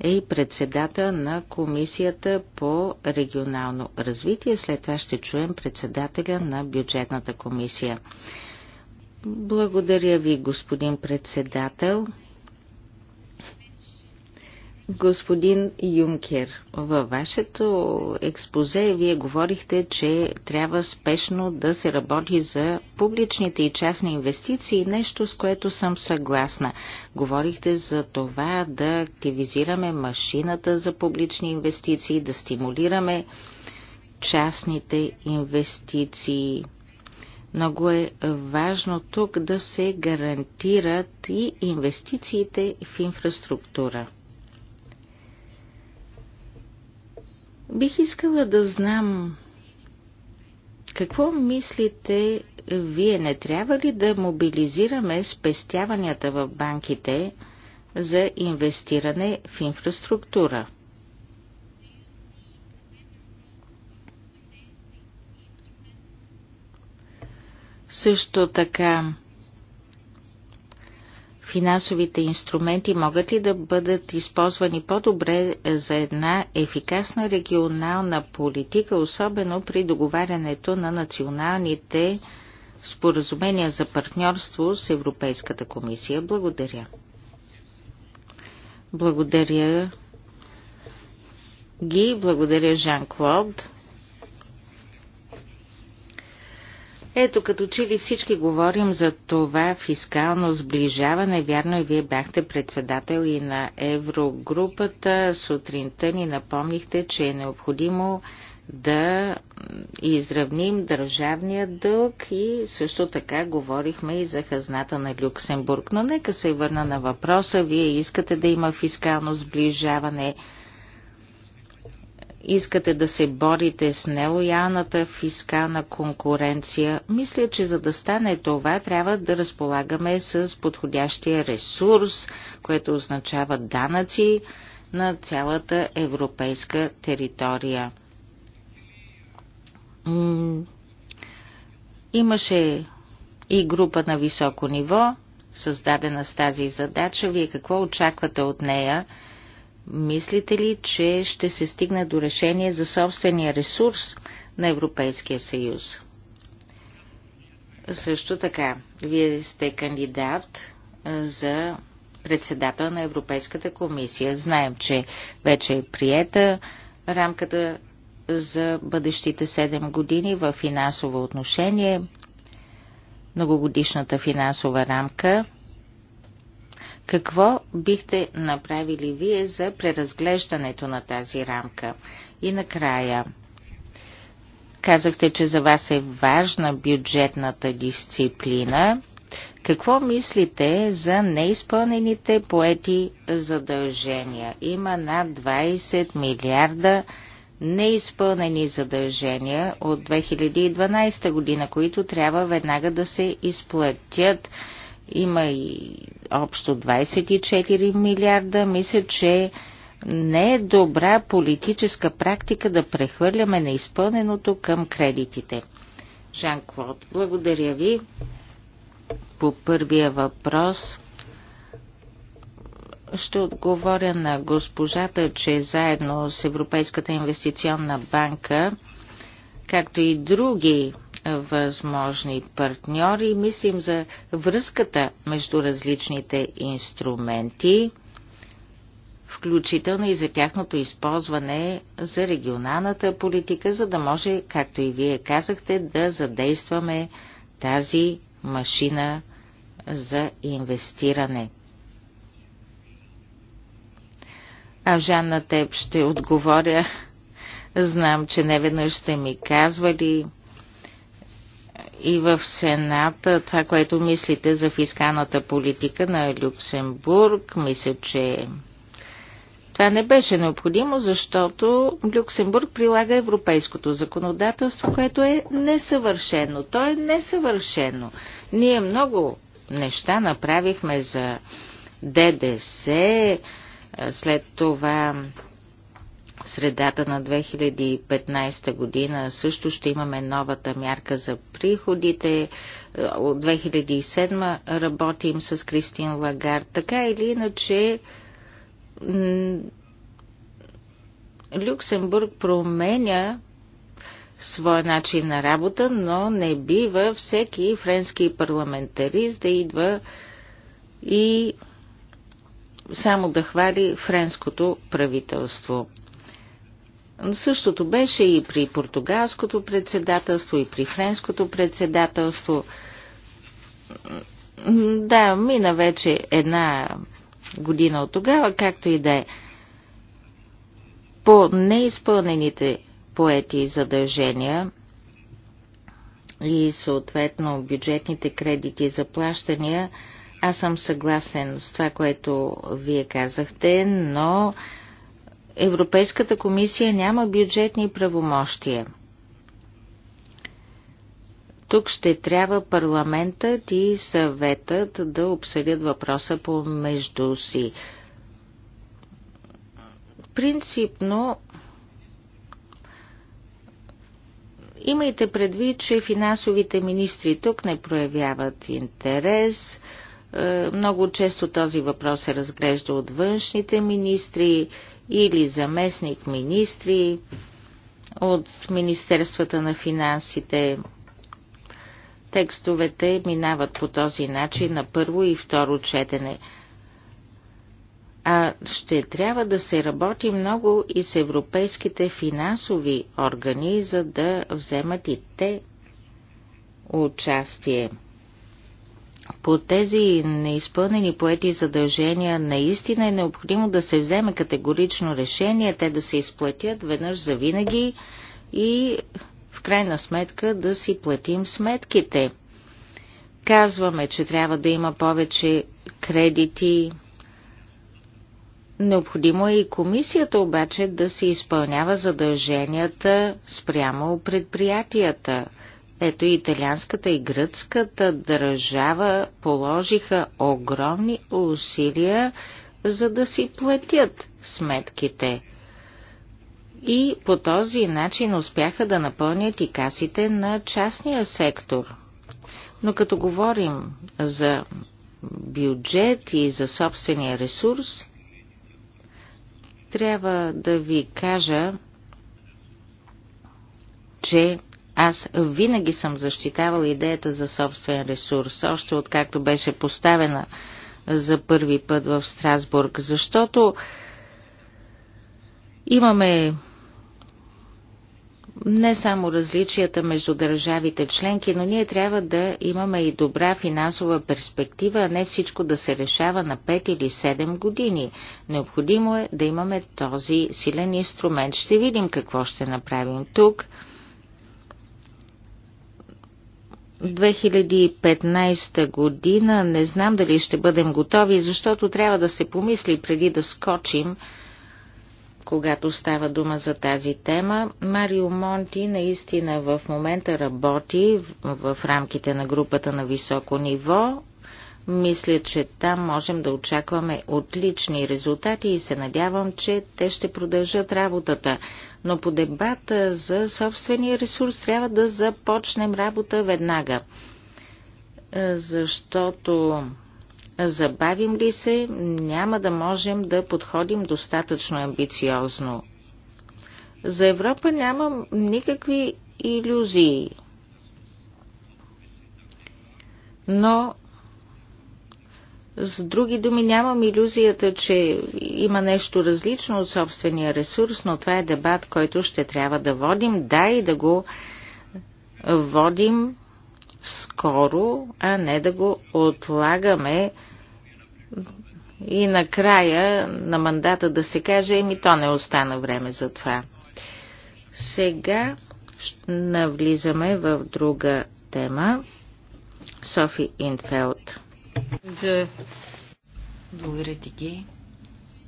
е и председател на Комисията по регионално развитие. След това ще чуем председателя на бюджетната комисия. Благодаря ви, господин председател. Господин Юнкер, във вашето експозе вие говорихте, че трябва спешно да се работи за публичните и частни инвестиции, нещо с което съм съгласна. Говорихте за това да активизираме машината за публични инвестиции, да стимулираме частните инвестиции. Много е важно тук да се гарантират и инвестициите в инфраструктура. Бих искала да знам какво мислите вие? Не трябва ли да мобилизираме спестяванията в банките за инвестиране в инфраструктура? Също така, финансовите инструменти могат ли да бъдат използвани по-добре за една ефикасна регионална политика, особено при договарянето на националните споразумения за партньорство с Европейската комисия? Благодаря. Благодаря ги, благодаря Жан-Клод. Ето като че ли всички говорим за това фискално сближаване. Вярно и е, вие бяхте председател и на Еврогрупата. Сутринта ни напомнихте, че е необходимо да изравним държавния дълг и също така говорихме и за хазната на Люксембург. Но нека се върна на въпроса. Вие искате да има фискално сближаване искате да се борите с нелоялната фискална конкуренция, мисля, че за да стане това, трябва да разполагаме с подходящия ресурс, което означава данъци на цялата европейска територия. Имаше и група на високо ниво, създадена с тази задача. Вие какво очаквате от нея? Мислите ли, че ще се стигне до решение за собствения ресурс на Европейския съюз? Също така, вие сте кандидат за председател на Европейската комисия. Знаем, че вече е приета рамката за бъдещите 7 години в финансово отношение, многогодишната финансова рамка – какво бихте направили вие за преразглеждането на тази рамка? И накрая, казахте, че за вас е важна бюджетната дисциплина. Какво мислите за неизпълнените поети задължения? Има над 20 милиарда неизпълнени задължения от 2012 година, които трябва веднага да се изплатят. Има и общо 24 милиарда. Мисля, че не е добра политическа практика да прехвърляме неизпълненото към кредитите. Жан-Клод, благодаря ви. По първия въпрос ще отговоря на госпожата, че заедно с Европейската инвестиционна банка, както и други възможни партньори. Мислим за връзката между различните инструменти, включително и за тяхното използване за регионалната политика, за да може, както и вие казахте, да задействаме тази машина за инвестиране. А Жанна Теп ще отговоря. Знам, че неведнъж сте ми казвали, и в Сената това, което мислите за фискалната политика на Люксембург. Мисля, че това не беше необходимо, защото Люксембург прилага европейското законодателство, което е несъвършено. То е несъвършено. Ние много неща направихме за ДДС, след това средата на 2015 година също ще имаме новата мярка за приходите. Е, от 2007 работим с Кристин Лагард. Така или иначе, Люксембург променя своя начин на работа, но не бива всеки френски парламентарист да идва и само да хвали френското правителство. Същото беше и при португалското председателство, и при френското председателство. Да, мина вече една година от тогава, както и да е. По неизпълнените поети задължения и съответно бюджетните кредити за плащания, аз съм съгласен с това, което вие казахте, но Европейската комисия няма бюджетни правомощия. Тук ще трябва парламентът и съветът да обсъдят въпроса помежду си. Принципно имайте предвид, че финансовите министри тук не проявяват интерес. Е, много често този въпрос се разглежда от външните министри или заместник министри от Министерствата на финансите. Текстовете минават по този начин на първо и второ четене. А ще трябва да се работи много и с европейските финансови органи, за да вземат и те участие по тези неизпълнени поети задължения наистина е необходимо да се вземе категорично решение, те да се изплатят веднъж за винаги и в крайна сметка да си платим сметките. Казваме, че трябва да има повече кредити. Необходимо е и комисията обаче да се изпълнява задълженията спрямо предприятията. Ето и италианската и гръцката държава положиха огромни усилия, за да си платят сметките. И по този начин успяха да напълнят и касите на частния сектор. Но като говорим за бюджет и за собствения ресурс, трябва да ви кажа, че аз винаги съм защитавала идеята за собствен ресурс, още откакто беше поставена за първи път в Страсбург, защото имаме не само различията между държавите членки, но ние трябва да имаме и добра финансова перспектива, а не всичко да се решава на 5 или 7 години. Необходимо е да имаме този силен инструмент. Ще видим какво ще направим тук. 2015 година не знам дали ще бъдем готови, защото трябва да се помисли преди да скочим, когато става дума за тази тема. Марио Монти наистина в момента работи в рамките на групата на високо ниво. Мисля, че там можем да очакваме отлични резултати и се надявам, че те ще продължат работата но по дебата за собствения ресурс трябва да започнем работа веднага. Е, защото забавим ли се, няма да можем да подходим достатъчно амбициозно. За Европа нямам никакви иллюзии. Но с други думи, нямам иллюзията, че има нещо различно от собствения ресурс, но това е дебат, който ще трябва да водим, да и да го водим скоро, а не да го отлагаме и накрая на мандата да се каже, еми то не остана време за това. Сега навлизаме в друга тема. Софи Инфелд. За... Благодаря ти, ги.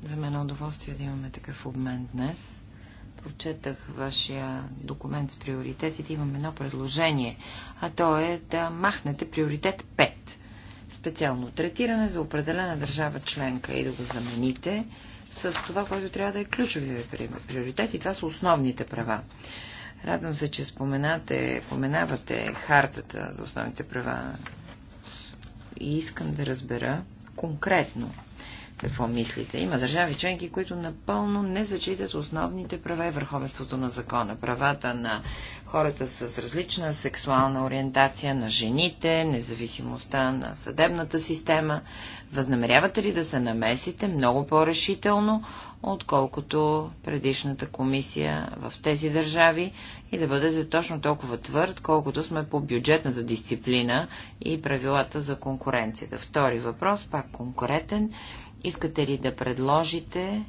За мен е удоволствие да имаме такъв обмен днес. Прочетах вашия документ с приоритетите. Имам едно предложение, а то е да махнете приоритет 5. Специално третиране за определена държава членка и да го замените с това, което трябва да е ключовия приоритет и това са основните права. Радвам се, че споменате, споменавате хартата за основните права и искам да разбера конкретно какво мислите. Има държави членки, които напълно не зачитат основните права и върховенството на закона. Правата на хората с различна сексуална ориентация, на жените, независимостта на съдебната система. Възнамерявате ли да се намесите много по-решително, отколкото предишната комисия в тези държави и да бъдете точно толкова твърд, колкото сме по бюджетната дисциплина и правилата за конкуренцията. Втори въпрос, пак конкурентен. Искате ли да предложите,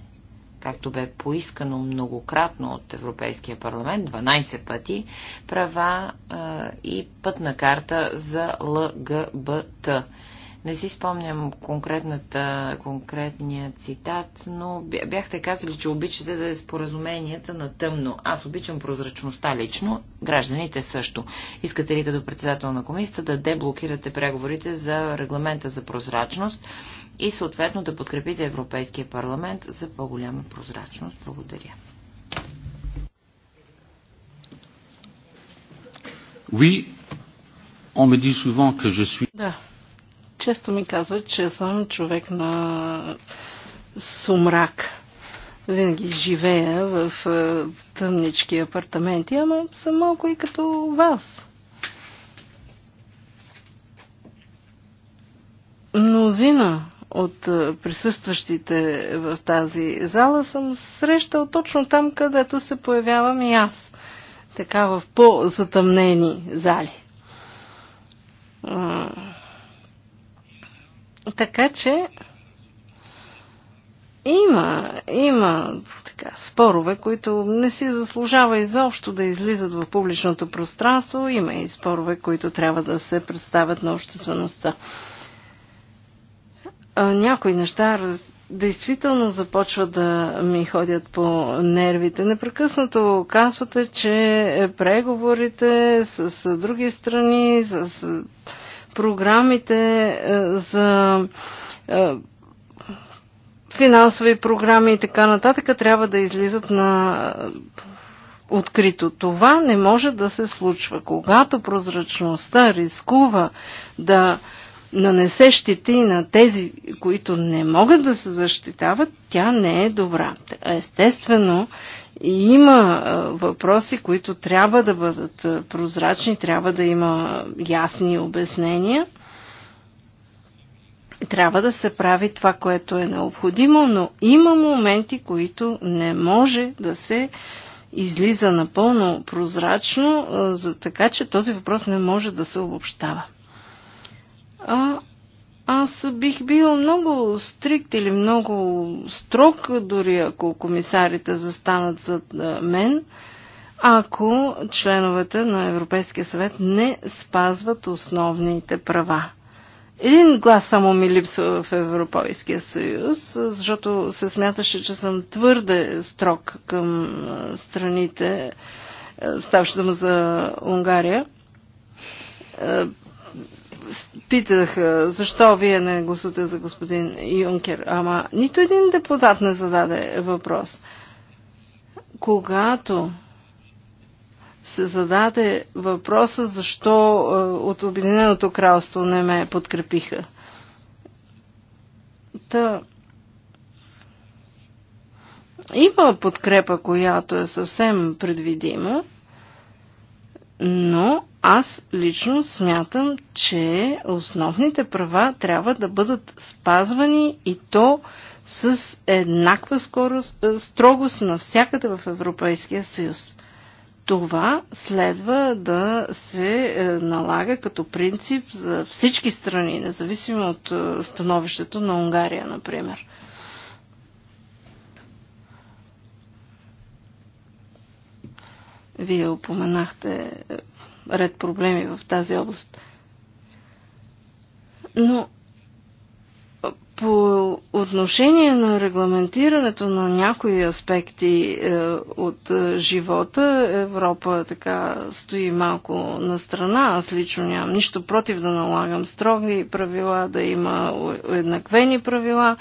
както бе поискано многократно от Европейския парламент, 12 пъти, права а, и пътна карта за ЛГБТ? Не си спомням конкретната, конкретния цитат, но бяхте казали, че обичате да е споразуменията на тъмно. Аз обичам прозрачността лично, гражданите също. Искате ли като председател на комисията да деблокирате преговорите за регламента за прозрачност и съответно да подкрепите Европейския парламент за по-голяма прозрачност? Благодаря. Oui, on me dit souvent que je suis... Да. Често ми казват, че съм човек на сумрак. Винаги живея в е, тъмнички апартаменти, ама съм малко и като вас. Мнозина от е, присъстващите в тази зала съм срещал точно там, където се появявам и аз. Така в по-затъмнени зали. Така че има, има така, спорове, които не си заслужава изобщо да излизат в публичното пространство. Има и спорове, които трябва да се представят на обществеността. Някои неща действително започват да ми ходят по нервите. Непрекъснато казвате, че преговорите с други страни, с програмите е, за е, финансови програми и така нататък трябва да излизат на е, открито. Това не може да се случва. Когато прозрачността рискува да нанесе щети на тези, които не могат да се защитават, тя не е добра. Естествено, и има въпроси, които трябва да бъдат прозрачни, трябва да има ясни обяснения. Трябва да се прави това, което е необходимо, но има моменти, които не може да се излиза напълно прозрачно, така че този въпрос не може да се обобщава. А аз бих бил много стрикт или много строг, дори ако комисарите застанат зад мен, ако членовете на Европейския съвет не спазват основните права. Един глас само ми липсва в Европейския съюз, защото се смяташе, че съм твърде строг към страните, е, ставащи дума за Унгария е, питах защо вие не гласувате за господин Юнкер, ама нито един депутат не зададе въпрос. Когато се зададе въпроса защо от Обединеното кралство не ме подкрепиха. Та... Има подкрепа, която е съвсем предвидима, но аз лично смятам, че основните права трябва да бъдат спазвани и то с еднаква скорост, е, строгост навсякъде в Европейския съюз. Това следва да се е, налага като принцип за всички страни, независимо от е, становището на Унгария, например. Вие упоменахте ред проблеми в тази област. Но по отношение на регламентирането на някои аспекти е, от е, живота, Европа така стои малко на страна. Аз лично нямам нищо против да налагам строги правила, да има еднаквени правила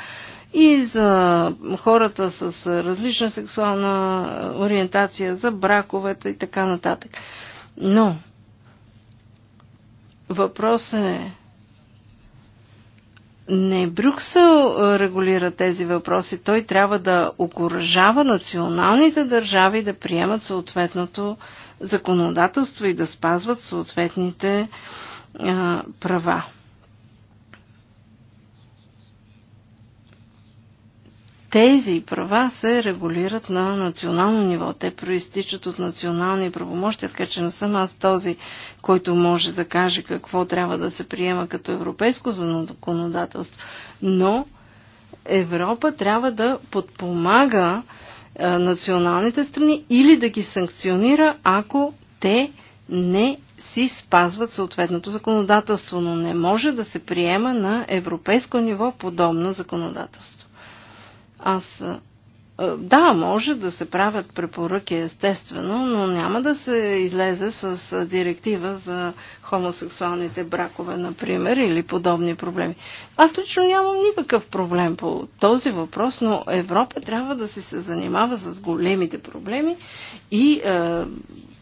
и за хората с различна сексуална ориентация, за браковете и така нататък. Но Въпрос е не Брюксел регулира тези въпроси. Той трябва да окоръжава националните държави да приемат съответното законодателство и да спазват съответните а, права. тези права се регулират на национално ниво. Те проистичат от национални правомощия, така че не съм аз този, който може да каже какво трябва да се приема като европейско законодателство. Но Европа трябва да подпомага националните страни или да ги санкционира, ако те не си спазват съответното законодателство, но не може да се приема на европейско ниво подобно законодателство. Аз да, може да се правят препоръки, естествено, но няма да се излезе с директива за хомосексуалните бракове, например, или подобни проблеми. Аз лично нямам никакъв проблем по този въпрос, но Европа трябва да си се занимава с големите проблеми и е,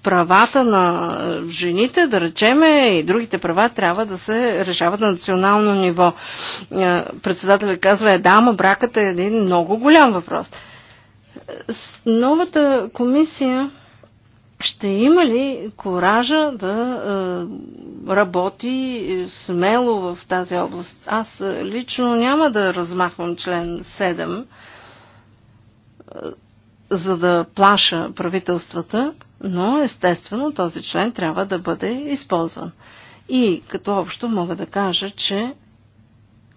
правата на жените, да речеме, и другите права трябва да се решават на национално ниво. Е, Председателят казва, е да, ама бракът е един много голям въпрос. Е, с новата комисия ще има ли коража да е, работи смело в тази област? Аз лично няма да размахвам член 7, е, за да плаша правителствата но естествено този член трябва да бъде използван. И като общо мога да кажа, че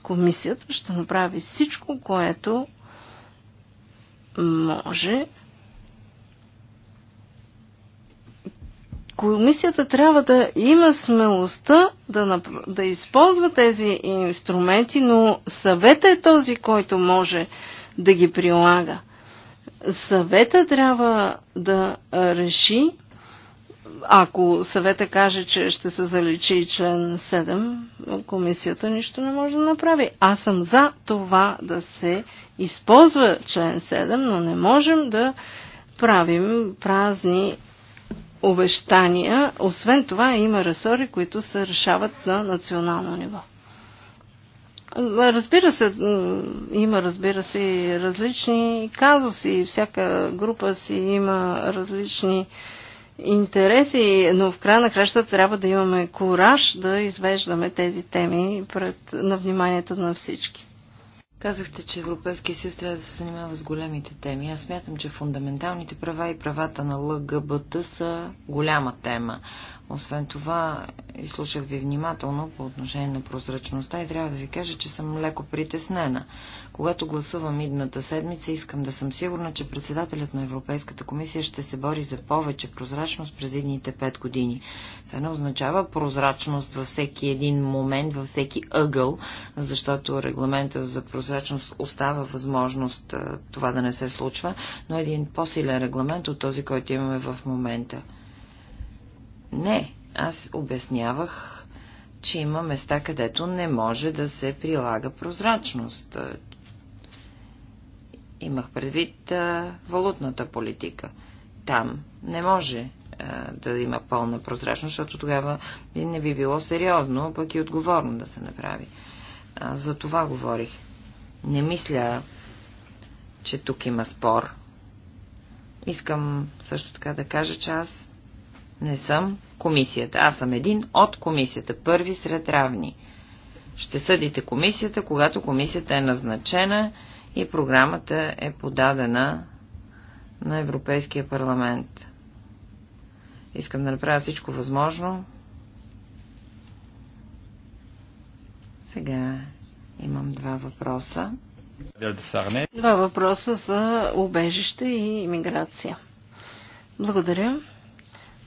комисията ще направи всичко, което може. Комисията трябва да има смелостта да, нап... да използва тези инструменти, но съветът е този, който може да ги прилага. Съвета трябва да реши, ако съвета каже, че ще се заличи член 7, комисията нищо не може да направи. Аз съм за това да се използва член 7, но не можем да правим празни обещания. Освен това има ресори, които се решават на национално ниво. Разбира се, има, разбира се, и различни казуси. Всяка група си има различни интереси, но в края на краща трябва да имаме кураж да извеждаме тези теми пред, на вниманието на всички. Казахте, че Европейския съюз трябва да се занимава с големите теми. Аз смятам, че фундаменталните права и правата на ЛГБТ са голяма тема. Освен това, изслушах ви внимателно по отношение на прозрачността и трябва да ви кажа, че съм леко притеснена. Когато гласувам идната седмица, искам да съм сигурна, че председателят на Европейската комисия ще се бори за повече прозрачност през едните пет години. Това не означава прозрачност във всеки един момент, във всеки ъгъл, защото регламента за прозрачност остава възможност това да не се случва, но един по-силен регламент от този, който имаме в момента. Не, аз обяснявах, че има места, където не може да се прилага прозрачност. Имах предвид а, валутната политика. Там не може а, да има пълна прозрачност, защото тогава не би било сериозно, пък и отговорно да се направи. А, за това говорих. Не мисля, че тук има спор. Искам също така да кажа, че аз не съм комисията. Аз съм един от комисията. Първи сред равни. Ще съдите комисията, когато комисията е назначена и програмата е подадена на Европейския парламент. Искам да направя всичко възможно. Сега имам два въпроса. Два въпроса за убежище и иммиграция. Благодаря.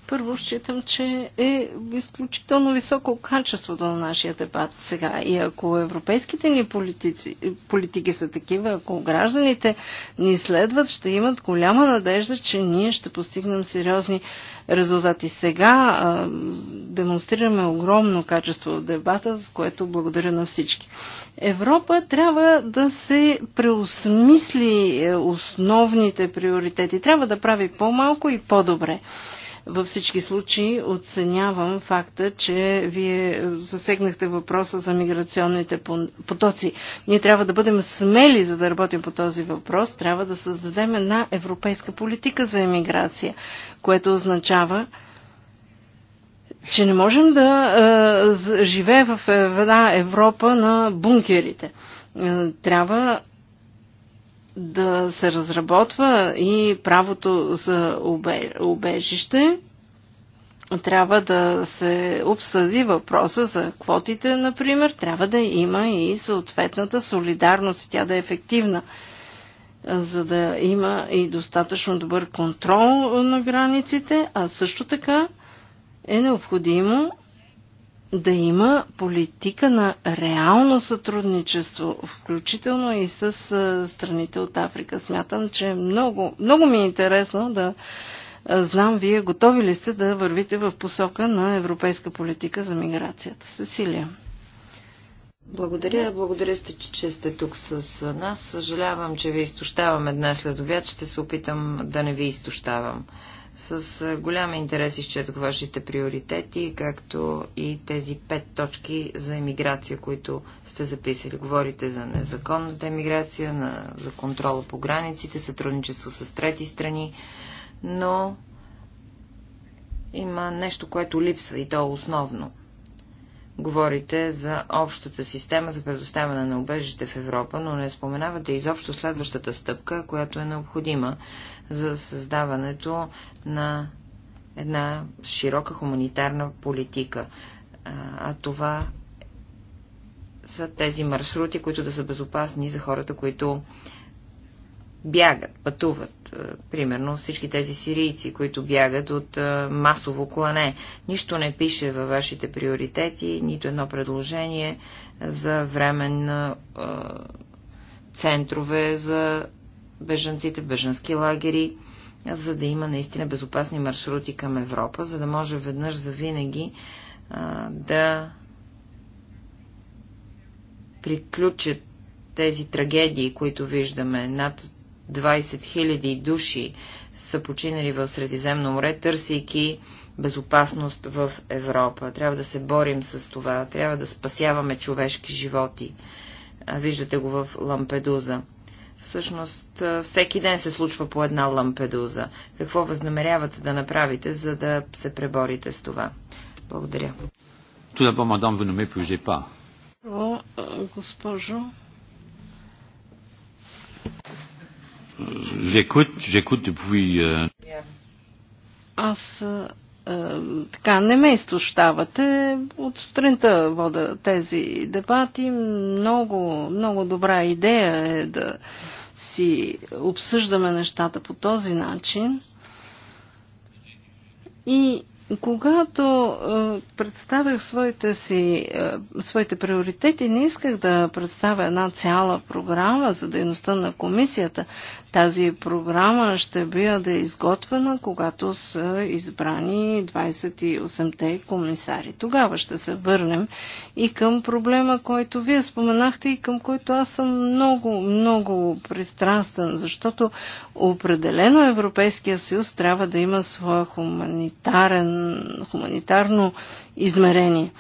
Първо считам, че е изключително високо качеството на нашия дебат сега. И ако европейските ни политици, политики са такива, ако гражданите ни следват, ще имат голяма надежда, че ние ще постигнем сериозни резултати. Сега а, демонстрираме огромно качество от дебата, с което благодаря на всички. Европа трябва да се преосмисли е, основните приоритети. Трябва да прави по-малко и по-добре. Във всички случаи оценявам факта, че вие засегнахте въпроса за миграционните потоци. Ние трябва да бъдем смели, за да работим по този въпрос. Трябва да създадем една европейска политика за емиграция, което означава, че не можем да е, живеем в една Европа на бункерите. Е, трябва да се разработва и правото за убежище, трябва да се обсъди въпроса за квотите, например, трябва да има и съответната солидарност, тя да е ефективна, за да има и достатъчно добър контрол на границите, а също така е необходимо да има политика на реално сътрудничество, включително и с страните от Африка. Смятам, че много, много ми е интересно да знам вие готови ли сте да вървите в посока на европейска политика за миграцията. Сесилия. Благодаря, благодаря сте, че сте тук с нас. Съжалявам, че ви изтощаваме днес следовят. Ще се опитам да не ви изтощавам. С голям интерес изчетох вашите приоритети, както и тези пет точки за емиграция, които сте записали. Говорите за незаконната емиграция, на, за контрола по границите, сътрудничество с трети страни, но има нещо, което липсва и то е основно – Говорите за общата система за предоставяне на убежище в Европа, но не споменавате изобщо следващата стъпка, която е необходима за създаването на една широка хуманитарна политика. А това са тези маршрути, които да са безопасни за хората, които бягат, пътуват. Е, примерно всички тези сирийци, които бягат от е, масово клане. Нищо не пише във вашите приоритети, нито едно предложение за временна е, центрове за бежанците в бежански лагери, за да има наистина безопасни маршрути към Европа, за да може веднъж за винаги да приключат тези трагедии, които виждаме. Над 20 000 души са починали в Средиземно море, търсейки безопасност в Европа. Трябва да се борим с това. Трябва да спасяваме човешки животи. Виждате го в Лампедуза. Всъщност, всеки ден се случва по една лампедуза. Какво възнамерявате да направите, за да се преборите с това? Благодаря. Tout d'abord, madame, vous ne m'épuisez pas. Госпожо, J'écoute, j'écoute depuis... Euh, Аз е, е, така не ме изтощавате. От сутринта вода тези дебати. Много, много добра идея е да си обсъждаме нещата по този начин. И когато е, представях своите, си, е, своите приоритети, не исках да представя една цяла програма за дейността на комисията. Тази програма ще бъде изготвена, когато са избрани 28-те комисари. Тогава ще се върнем и към проблема, който вие споменахте и към който аз съм много, много пристрастен, защото определено Европейския съюз трябва да има своя хуманитарен, хуманитарно измерение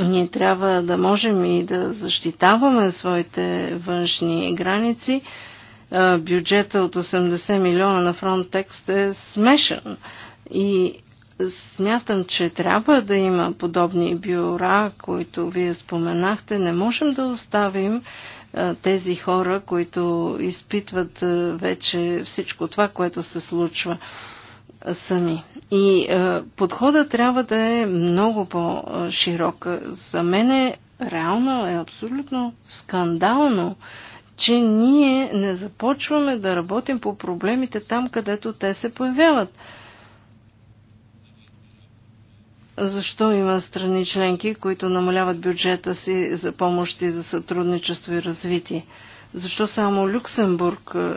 ние трябва да можем и да защитаваме своите външни граници, бюджета от 80 милиона на Frontex е смешен. И смятам, че трябва да има подобни бюра, които вие споменахте. Не можем да оставим тези хора, които изпитват вече всичко това, което се случва сами. И подходът трябва да е много по-широк. За мен е реално е абсолютно скандално, че ние не започваме да работим по проблемите там, където те се появяват. Защо има страни членки, които намаляват бюджета си за помощи за сътрудничество и развитие? Защо само Люксембург е,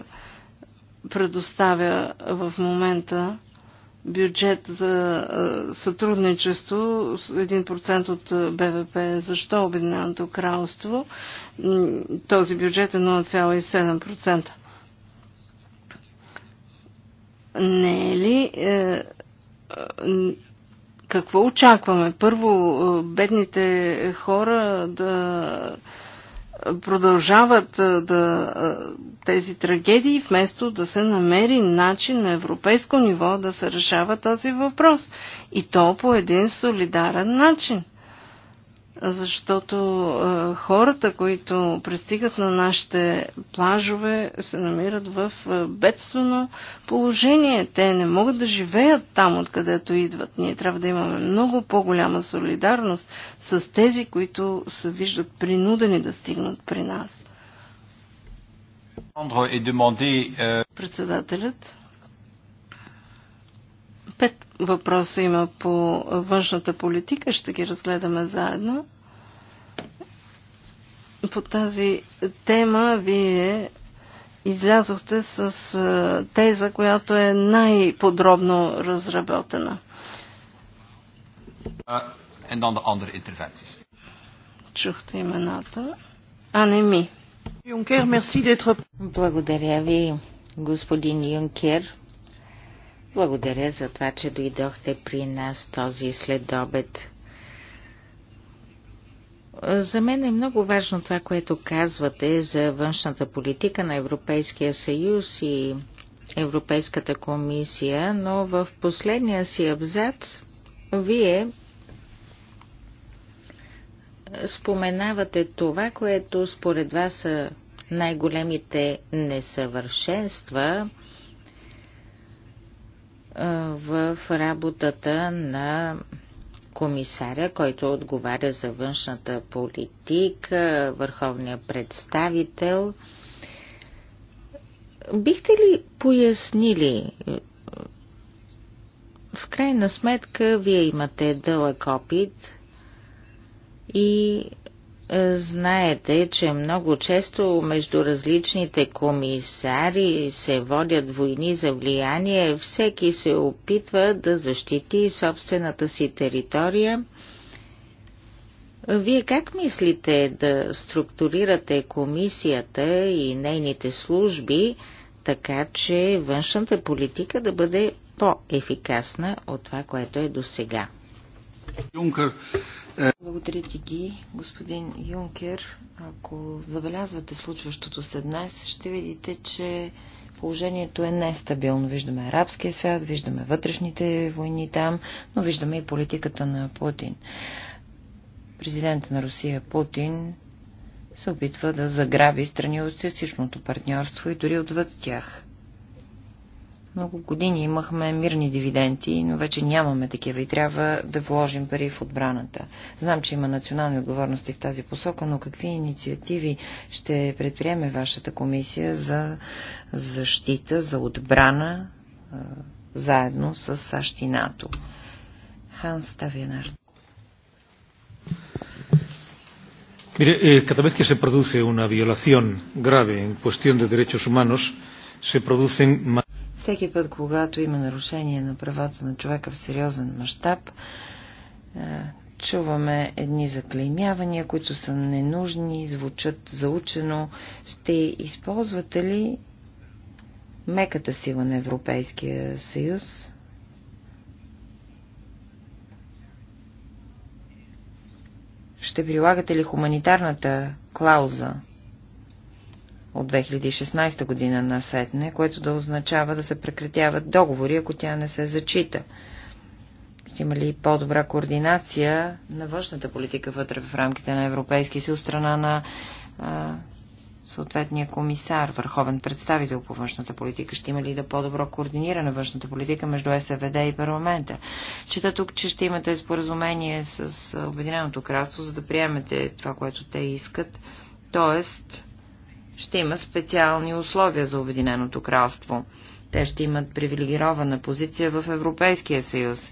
предоставя в момента бюджет за сътрудничество с 1% от БВП. Защо Обединеното кралство? Този бюджет е 0,7%. Не е ли? Е, какво очакваме? Първо, бедните хора да продължават да, тези трагедии, вместо да се намери начин на европейско ниво да се решава този въпрос. И то по един солидарен начин защото а, хората, които пристигат на нашите плажове, се намират в а, бедствено положение. Те не могат да живеят там, откъдето идват. Ние трябва да имаме много по-голяма солидарност с тези, които се виждат принудени да стигнат при нас. Euh, Председателят Пет въпроса има по външната политика. Ще ги разгледаме заедно. По тази тема вие излязохте с теза, която е най-подробно разработена. andere Чухте имената. А не ми. Юнкер, мерси Благодаря ви, господин Юнкер. Благодаря за това, че дойдохте при нас този следобед. За мен е много важно това, което казвате за външната политика на Европейския съюз и Европейската комисия, но в последния си абзац вие споменавате това, което според вас са най-големите несъвършенства – в работата на комисаря, който отговаря за външната политика, върховния представител. Бихте ли пояснили, в крайна сметка, вие имате дълъг опит и Знаете, че много често между различните комисари се водят войни за влияние. Всеки се опитва да защити собствената си територия. Вие как мислите да структурирате комисията и нейните служби, така че външната политика да бъде по-ефикасна от това, което е до сега? Благодаря ти ги, господин Юнкер. Ако забелязвате случващото се днес, ще видите, че положението е нестабилно. Виждаме арабския свят, виждаме вътрешните войни там, но виждаме и политиката на Путин. Президента на Русия Путин се опитва да заграби страни от всичкото партньорство и дори отвъд тях. Много години имахме мирни дивиденти, но вече нямаме такива и трябва да вложим пари в отбраната. Знам, че има национални отговорности в тази посока, но какви инициативи ще предприеме вашата комисия за защита, за отбрана заедно с САЩ и НАТО? Ханс Тавинар. Mire, eh, cada vez que se produce una violación grave en cuestión de derechos humanos, se producen всеки път, когато има нарушение на правата на човека в сериозен мащаб, е, чуваме едни заклеймявания, които са ненужни, звучат заучено. Ще използвате ли меката сила на Европейския съюз? Ще прилагате ли хуманитарната клауза от 2016 година на сетне, което да означава да се прекратяват договори, ако тя не се зачита. Има ли по-добра координация на външната политика вътре в рамките на Европейски съюз страна на а, съответния комисар, върховен представител по външната политика? Ще има ли да по-добро координиране външната политика между СВД е и парламента? Чета тук, че ще имате споразумение с Обединеното кралство, за да приемете това, което те искат. Тоест, ще има специални условия за Обединеното кралство. Те ще имат привилегирована позиция в Европейския съюз.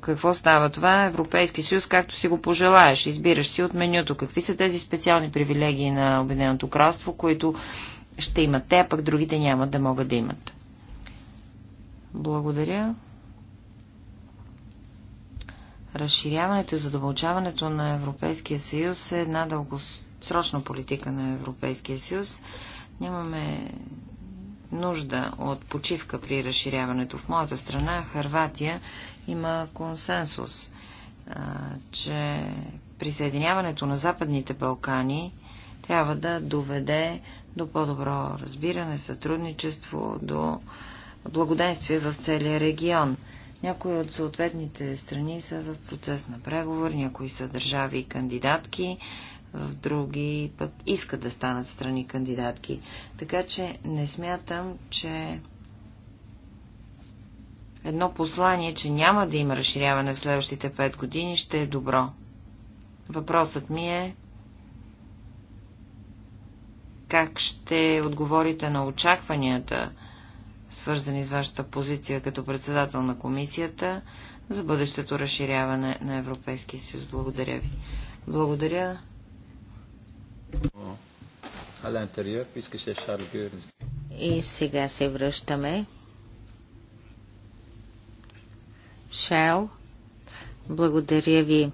Какво става това? Европейски съюз, както си го пожелаеш, избираш си от менюто. Какви са тези специални привилегии на Обединеното кралство, които ще имат те, а пък другите няма да могат да имат? Благодаря. Разширяването и задълбочаването на Европейския съюз е една дългосрочна политика на Европейския съюз. Нямаме нужда от почивка при разширяването. В моята страна, Харватия, има консенсус, че присъединяването на Западните Балкани трябва да доведе до по-добро разбиране, сътрудничество, до благоденствие в целия регион. Някои от съответните страни са в процес на преговор, някои са държави и кандидатки, в други пък искат да станат страни кандидатки. Така че не смятам, че едно послание, че няма да има разширяване в следващите 5 години, ще е добро. Въпросът ми е как ще отговорите на очакванията свързани с вашата позиция като председател на комисията за бъдещето разширяване на Европейския съюз. Благодаря ви. Благодаря. И сега се връщаме. Шел, благодаря ви.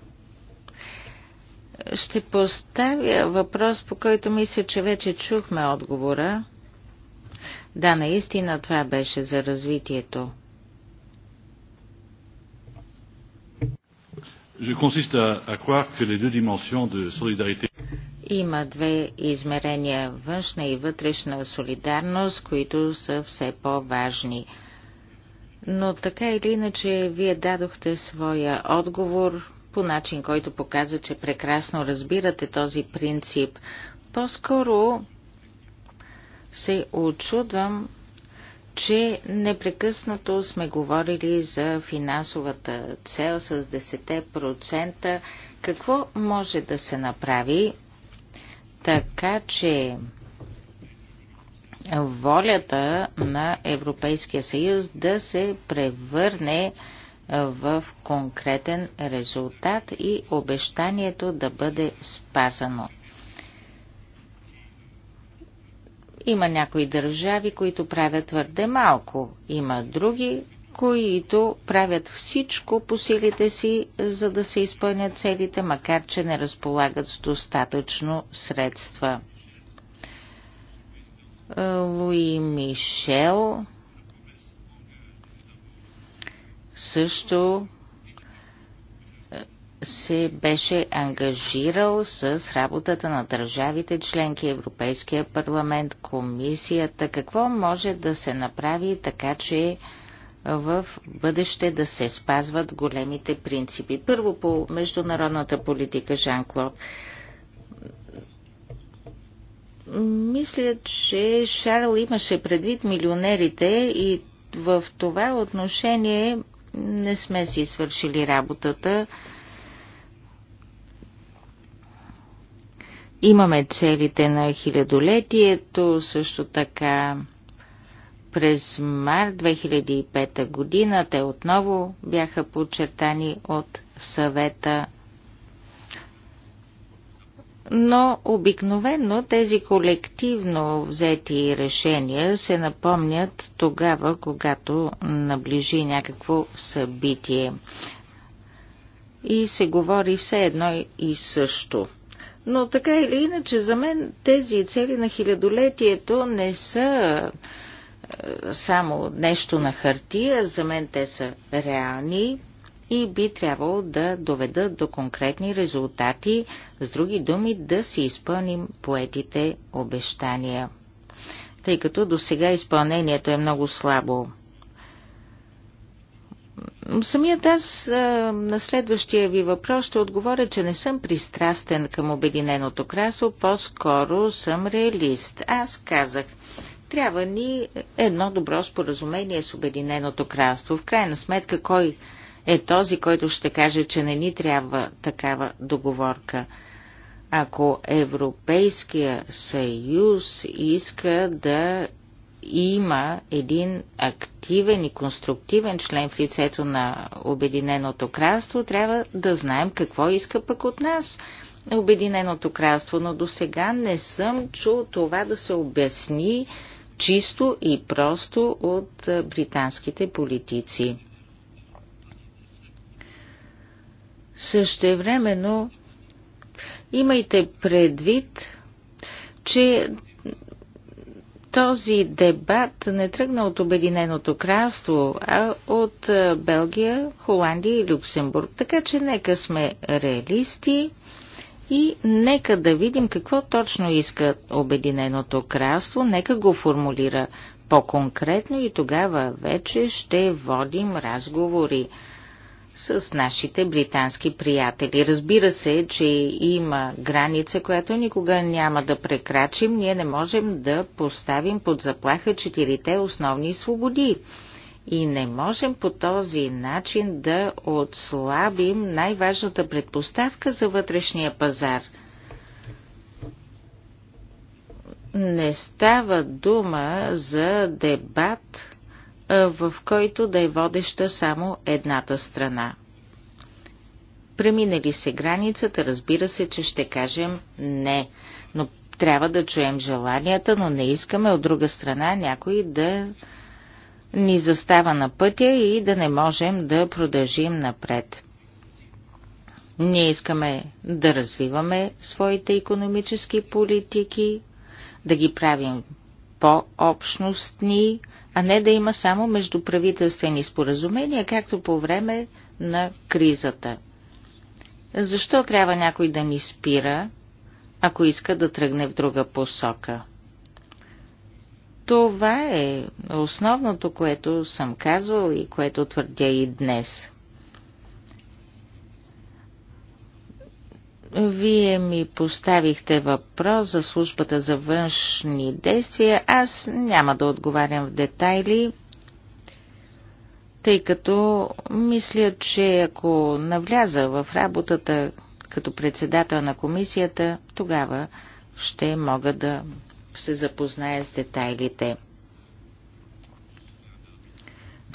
Ще поставя въпрос, по който мисля, че вече чухме отговора. Да, наистина това беше за развитието. Je consiste à, à croire que les deux dimensions de solidarité има две измерения – външна и вътрешна солидарност, които са все по-важни. Но така или иначе, вие дадохте своя отговор по начин, който показа, че прекрасно разбирате този принцип. По-скоро се очудвам, че непрекъснато сме говорили за финансовата цел с 10%. Какво може да се направи така, че волята на Европейския съюз да се превърне в конкретен резултат и обещанието да бъде спазано. Има някои държави, които правят твърде малко. Има други, които правят всичко по силите си, за да се изпълнят целите, макар че не разполагат с достатъчно средства. Луи Мишел също се беше ангажирал с работата на държавите, членки Европейския парламент, комисията. Какво може да се направи така, че в бъдеще да се спазват големите принципи? Първо по международната политика, Жан-Клод. Мисля, че Шарл имаше предвид милионерите и в това отношение не сме си свършили работата. Имаме целите на хилядолетието, също така през март 2005 година те отново бяха подчертани от съвета. Но обикновено тези колективно взети решения се напомнят тогава, когато наближи някакво събитие. И се говори все едно и също. Но така или иначе, за мен тези цели на хилядолетието не са е, само нещо на хартия, за мен те са реални и би трябвало да доведат до конкретни резултати, с други думи да си изпълним поетите обещания. Тъй като до сега изпълнението е много слабо. Самият аз на следващия ви въпрос ще отговоря, че не съм пристрастен към Обединеното кралство, по-скоро съм реалист. Аз казах, трябва ни едно добро споразумение с Обединеното кралство. В крайна сметка, кой е този, който ще каже, че не ни трябва такава договорка? Ако Европейския съюз иска да има един активен и конструктивен член в лицето на Обединеното кралство, трябва да знаем какво иска пък от нас Обединеното кралство, но до сега не съм чул това да се обясни чисто и просто от британските политици. Същевременно имайте предвид, че този дебат не тръгна от Обединеното кралство, а от е, Белгия, Холандия и Люксембург. Така че нека сме реалисти и нека да видим какво точно иска Обединеното кралство, нека го формулира по-конкретно и тогава вече ще водим разговори с нашите британски приятели. Разбира се, че има граница, която никога няма да прекрачим. Ние не можем да поставим под заплаха четирите основни свободи. И не можем по този начин да отслабим най-важната предпоставка за вътрешния пазар. Не става дума за дебат в който да е водеща само едната страна. Преминали се границата, разбира се, че ще кажем не, но трябва да чуем желанията, но не искаме от друга страна някой да ни застава на пътя и да не можем да продължим напред. Ние искаме да развиваме своите економически политики, да ги правим по-общностни, а не да има само междуправителствени споразумения, както по време на кризата. Защо трябва някой да ни спира, ако иска да тръгне в друга посока? Това е основното, което съм казвал и което твърдя и днес. Вие ми поставихте въпрос за службата за външни действия. Аз няма да отговарям в детайли, тъй като мисля, че ако навляза в работата като председател на комисията, тогава ще мога да се запозная с детайлите.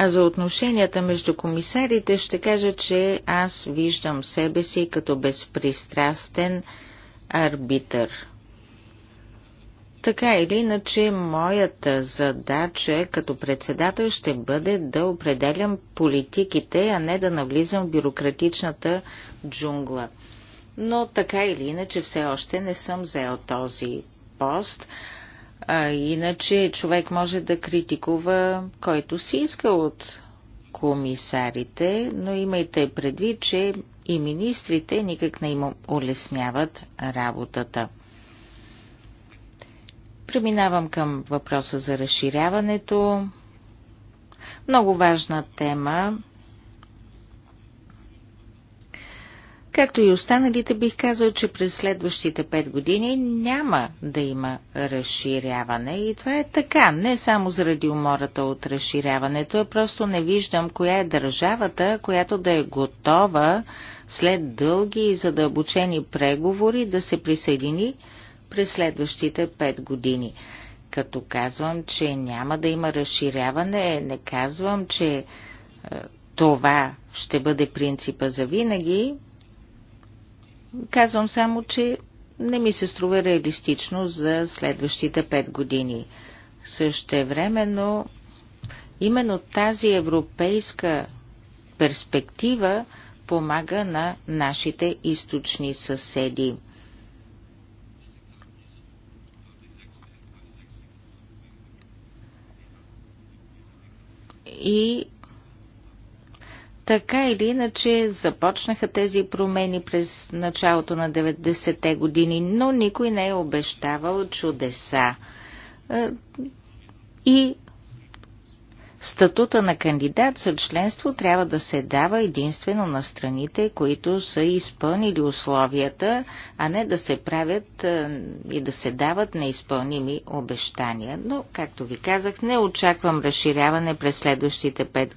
А за отношенията между комисарите ще кажа, че аз виждам себе си като безпристрастен арбитър. Така или иначе, моята задача като председател ще бъде да определям политиките, а не да навлизам в бюрократичната джунгла. Но така или иначе, все още не съм взел този пост. А иначе човек може да критикува който си иска от комисарите, но имайте предвид, че и министрите никак не им улесняват работата. Преминавам към въпроса за разширяването. Много важна тема Както и останалите бих казал, че през следващите 5 години няма да има разширяване и това е така, не само заради умората от разширяването, а просто не виждам коя е държавата, която да е готова след дълги и задълбочени преговори да се присъедини през следващите 5 години. Като казвам, че няма да има разширяване, не казвам, че е, това ще бъде принципа за винаги, Казвам само, че не ми се струва реалистично за следващите 5 години. но именно тази европейска перспектива помага на нашите източни съседи. И така или иначе започнаха тези промени през началото на 90-те години, но никой не е обещавал чудеса. Е, и статута на кандидат за членство трябва да се дава единствено на страните, които са изпълнили условията, а не да се правят е, и да се дават неизпълними обещания. Но, както ви казах, не очаквам разширяване през следващите 5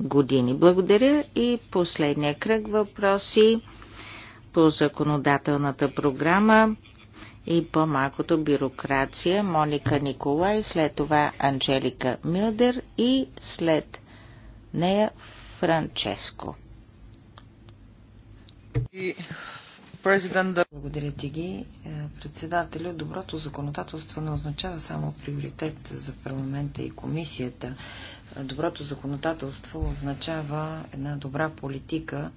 години. Благодаря и последния кръг въпроси по законодателната програма и по-малкото бюрокрация Моника Николай, след това Анжелика Милдер и след нея Франческо. Президента... Благодаря ти ги. Е, председателю, доброто законодателство не означава само приоритет за парламента и комисията доброто законодателство означава една добра политика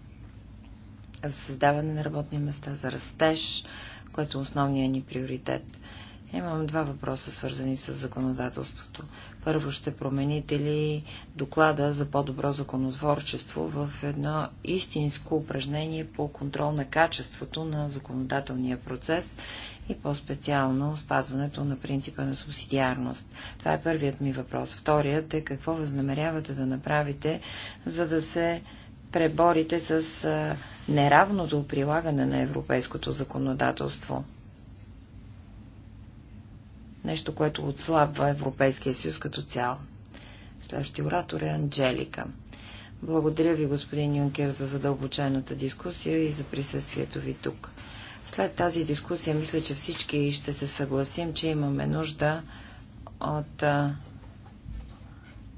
за създаване на работни места, за растеж, което е основният ни приоритет. Имам два въпроса, свързани с законодателството. Първо, ще промените ли доклада за по-добро законотворчество в едно истинско упражнение по контрол на качеството на законодателния процес и по-специално спазването на принципа на субсидиарност? Това е първият ми въпрос. Вторият е какво възнамерявате да направите, за да се преборите с неравното прилагане на европейското законодателство? Нещо, което отслабва Европейския съюз като цял. Следващия оратор е Анджелика. Благодаря ви, господин Юнкер, за задълбочената дискусия и за присъствието ви тук. След тази дискусия мисля, че всички ще се съгласим, че имаме нужда от а,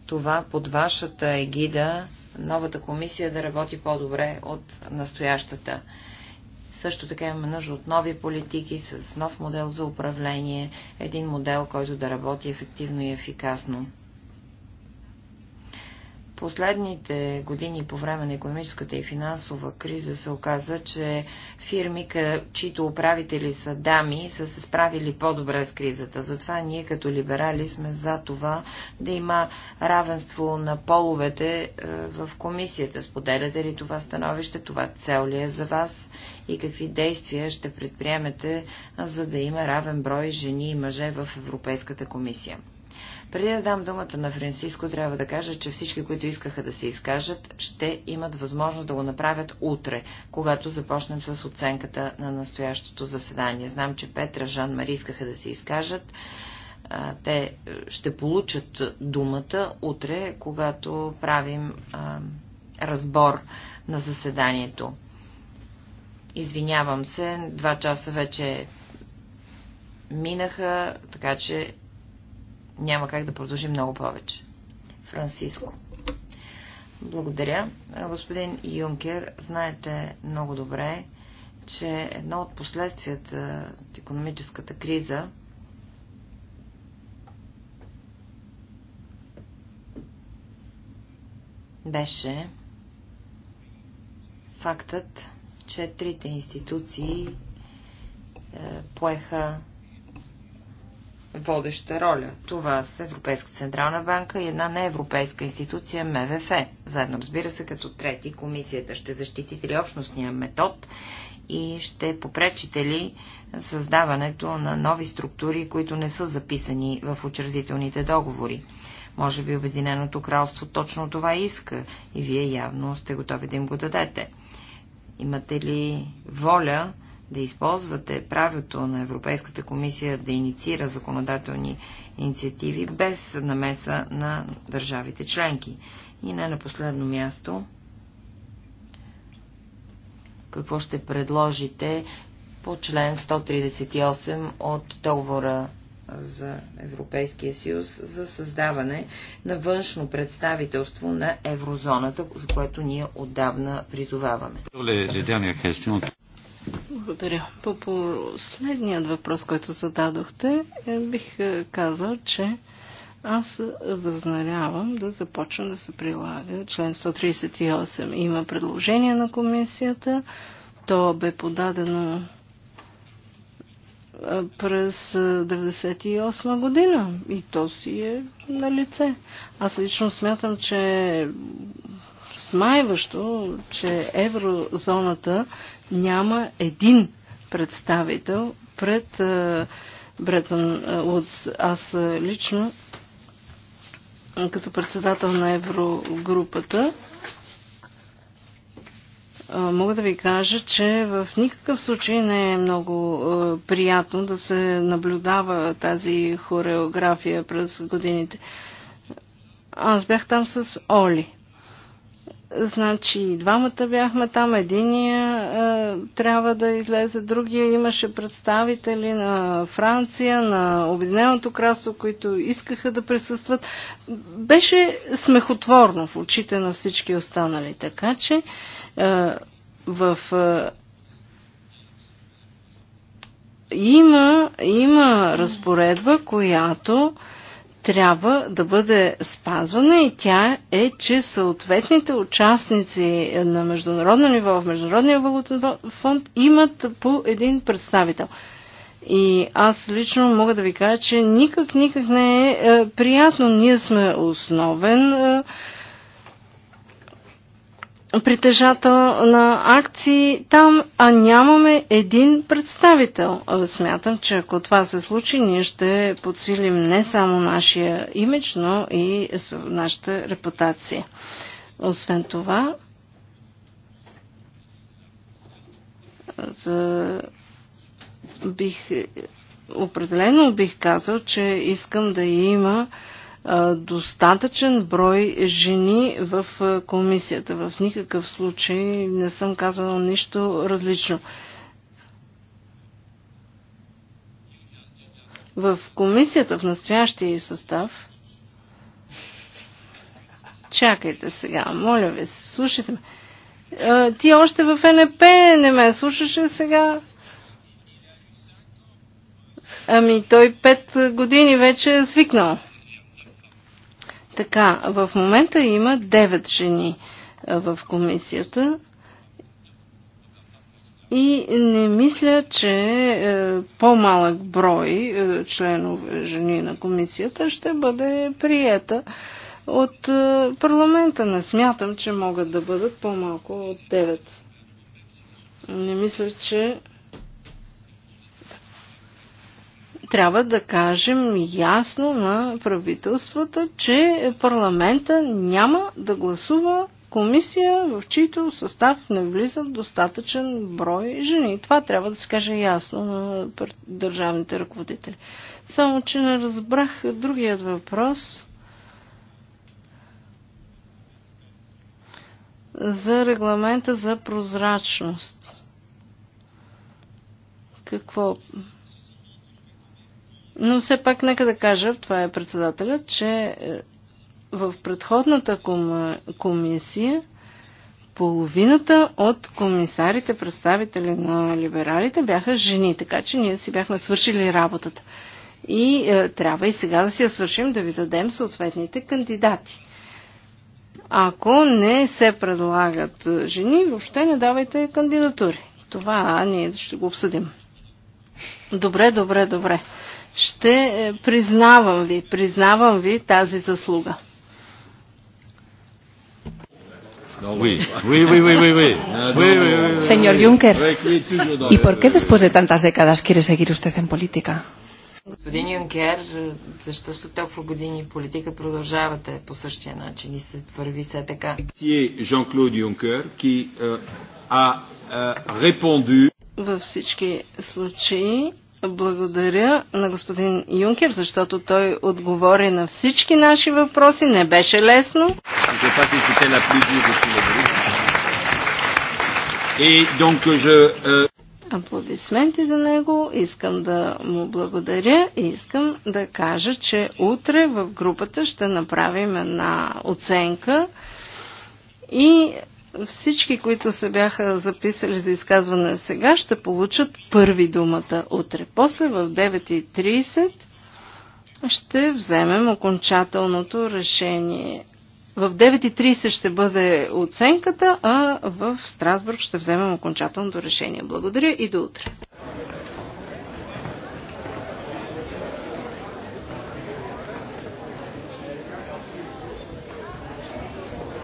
това под вашата егида новата комисия да работи по-добре от настоящата. Също така имаме нужда от нови политики с нов модел за управление, един модел, който да работи ефективно и ефикасно последните години по време на економическата и финансова криза се оказа, че фирми, чието управители са дами, са се справили по-добре с кризата. Затова ние като либерали сме за това да има равенство на половете е, в комисията. Споделяте ли това становище? Това цел ли е за вас? И какви действия ще предприемете, за да има равен брой жени и мъже в Европейската комисия? Преди да дам думата на Франциско, трябва да кажа, че всички, които искаха да се изкажат, ще имат възможност да го направят утре, когато започнем с оценката на настоящото заседание. Знам, че Петра, Жан, Мари искаха да се изкажат. Те е, ще получат думата утре, когато правим разбор на заседанието. Извинявам се, два часа вече минаха, така че няма как да продължи много повече. Франциско. Благодаря. Е, господин Юнкер, знаете много добре, че едно от последствията от економическата криза беше фактът, че трите институции е, поеха водеща роля. Това са Европейска Централна банка и една неевропейска институция МВФ. Заедно, разбира се, като трети, комисията ще защитите ли общностния метод и ще попречите ли създаването на нови структури, които не са записани в учредителните договори. Може би Обединеното кралство точно това иска и вие явно сте готови да им го дадете. Имате ли воля да използвате правото на Европейската комисия да инициира законодателни инициативи без намеса на държавите членки. И не на последно място, какво ще предложите по член 138 от договора за Европейския съюз за създаване на външно представителство на еврозоната, за което ние отдавна призоваваме. Благодаря. По последният въпрос, който зададохте, е, бих е, казал, че аз възнарявам да започна да се прилага член 138. Има предложение на комисията. То бе подадено през 1998 година и то си е на лице. Аз лично смятам, че е смайващо, че еврозоната няма един представител пред е, Бретън е, Лудс. Аз е, лично, като председател на Еврогрупата, мога да ви кажа, че в никакъв случай не е много приятно да се наблюдава тази хореография през годините. Аз бях там с Оли. Значи, двамата бяхме там, единия е, трябва да излезе, другия имаше представители на Франция, на Обединеното кралство, които искаха да присъстват. Беше смехотворно в очите на всички останали, така че е, в. Е, има, има разпоредба, която е, трябва да бъде спазвана и тя е, че съответните участници на международно ниво в Международния валутен фонд имат по един представител. И аз лично мога да ви кажа, че никак, никак не е, е приятно. Ние сме основен е, притежател на акции там, а нямаме един представител. Смятам, че ако това се случи, ние ще подсилим не само нашия имидж, но и нашата репутация. Освен това, за... бих определено бих казал, че искам да има а, достатъчен брой жени в комисията. В никакъв случай не съм казала нищо различно. В комисията в настоящия състав Чакайте сега, моля ви се, слушайте ме. Ти още в НП не ме слушаше сега. Ами той пет години вече е свикнал. Така, в момента има 9 жени в комисията и не мисля, че е, по-малък брой е, членове жени на комисията ще бъде приета от е, парламента. Не смятам, че могат да бъдат по-малко от 9. Не мисля, че трябва да кажем ясно на правителствата, че парламента няма да гласува комисия, в чийто състав не влизат достатъчен брой жени. Това трябва да се каже ясно на държавните ръководители. Само, че не разбрах другият въпрос за регламента за прозрачност. Какво но все пак нека да кажа, това е председателя, че е, в предходната комисия половината от комисарите, представители на либералите бяха жени, така че ние си бяхме свършили работата. И е, трябва и сега да си я свършим, да ви дадем съответните кандидати. Ако не се предлагат е, жени, въобще не давайте кандидатури. Това ние ще го обсъдим. Добре, добре, добре ще е, признавам ви, признавам ви тази заслуга. Oui, oui, oui, oui, oui, oui. oui, oui, oui Señor Juncker, ¿y por qué después de tantas décadas quiere seguir usted en política? Господин Юнкер, защо след толкова години политика продължавате по същия начин и се върви все така? Жан-Клод Юнкер, ки а, а, Във всички случаи благодаря на господин Юнкер, защото той отговори на всички наши въпроси. Не беше лесно. Euh, Аплодисменти за него. Искам да му благодаря и искам да кажа, че утре в групата ще направим една оценка и всички, които се бяха записали за изказване сега, ще получат първи думата утре. После в 9.30 ще вземем окончателното решение. В 9.30 ще бъде оценката, а в Страсбург ще вземем окончателното решение. Благодаря и до утре.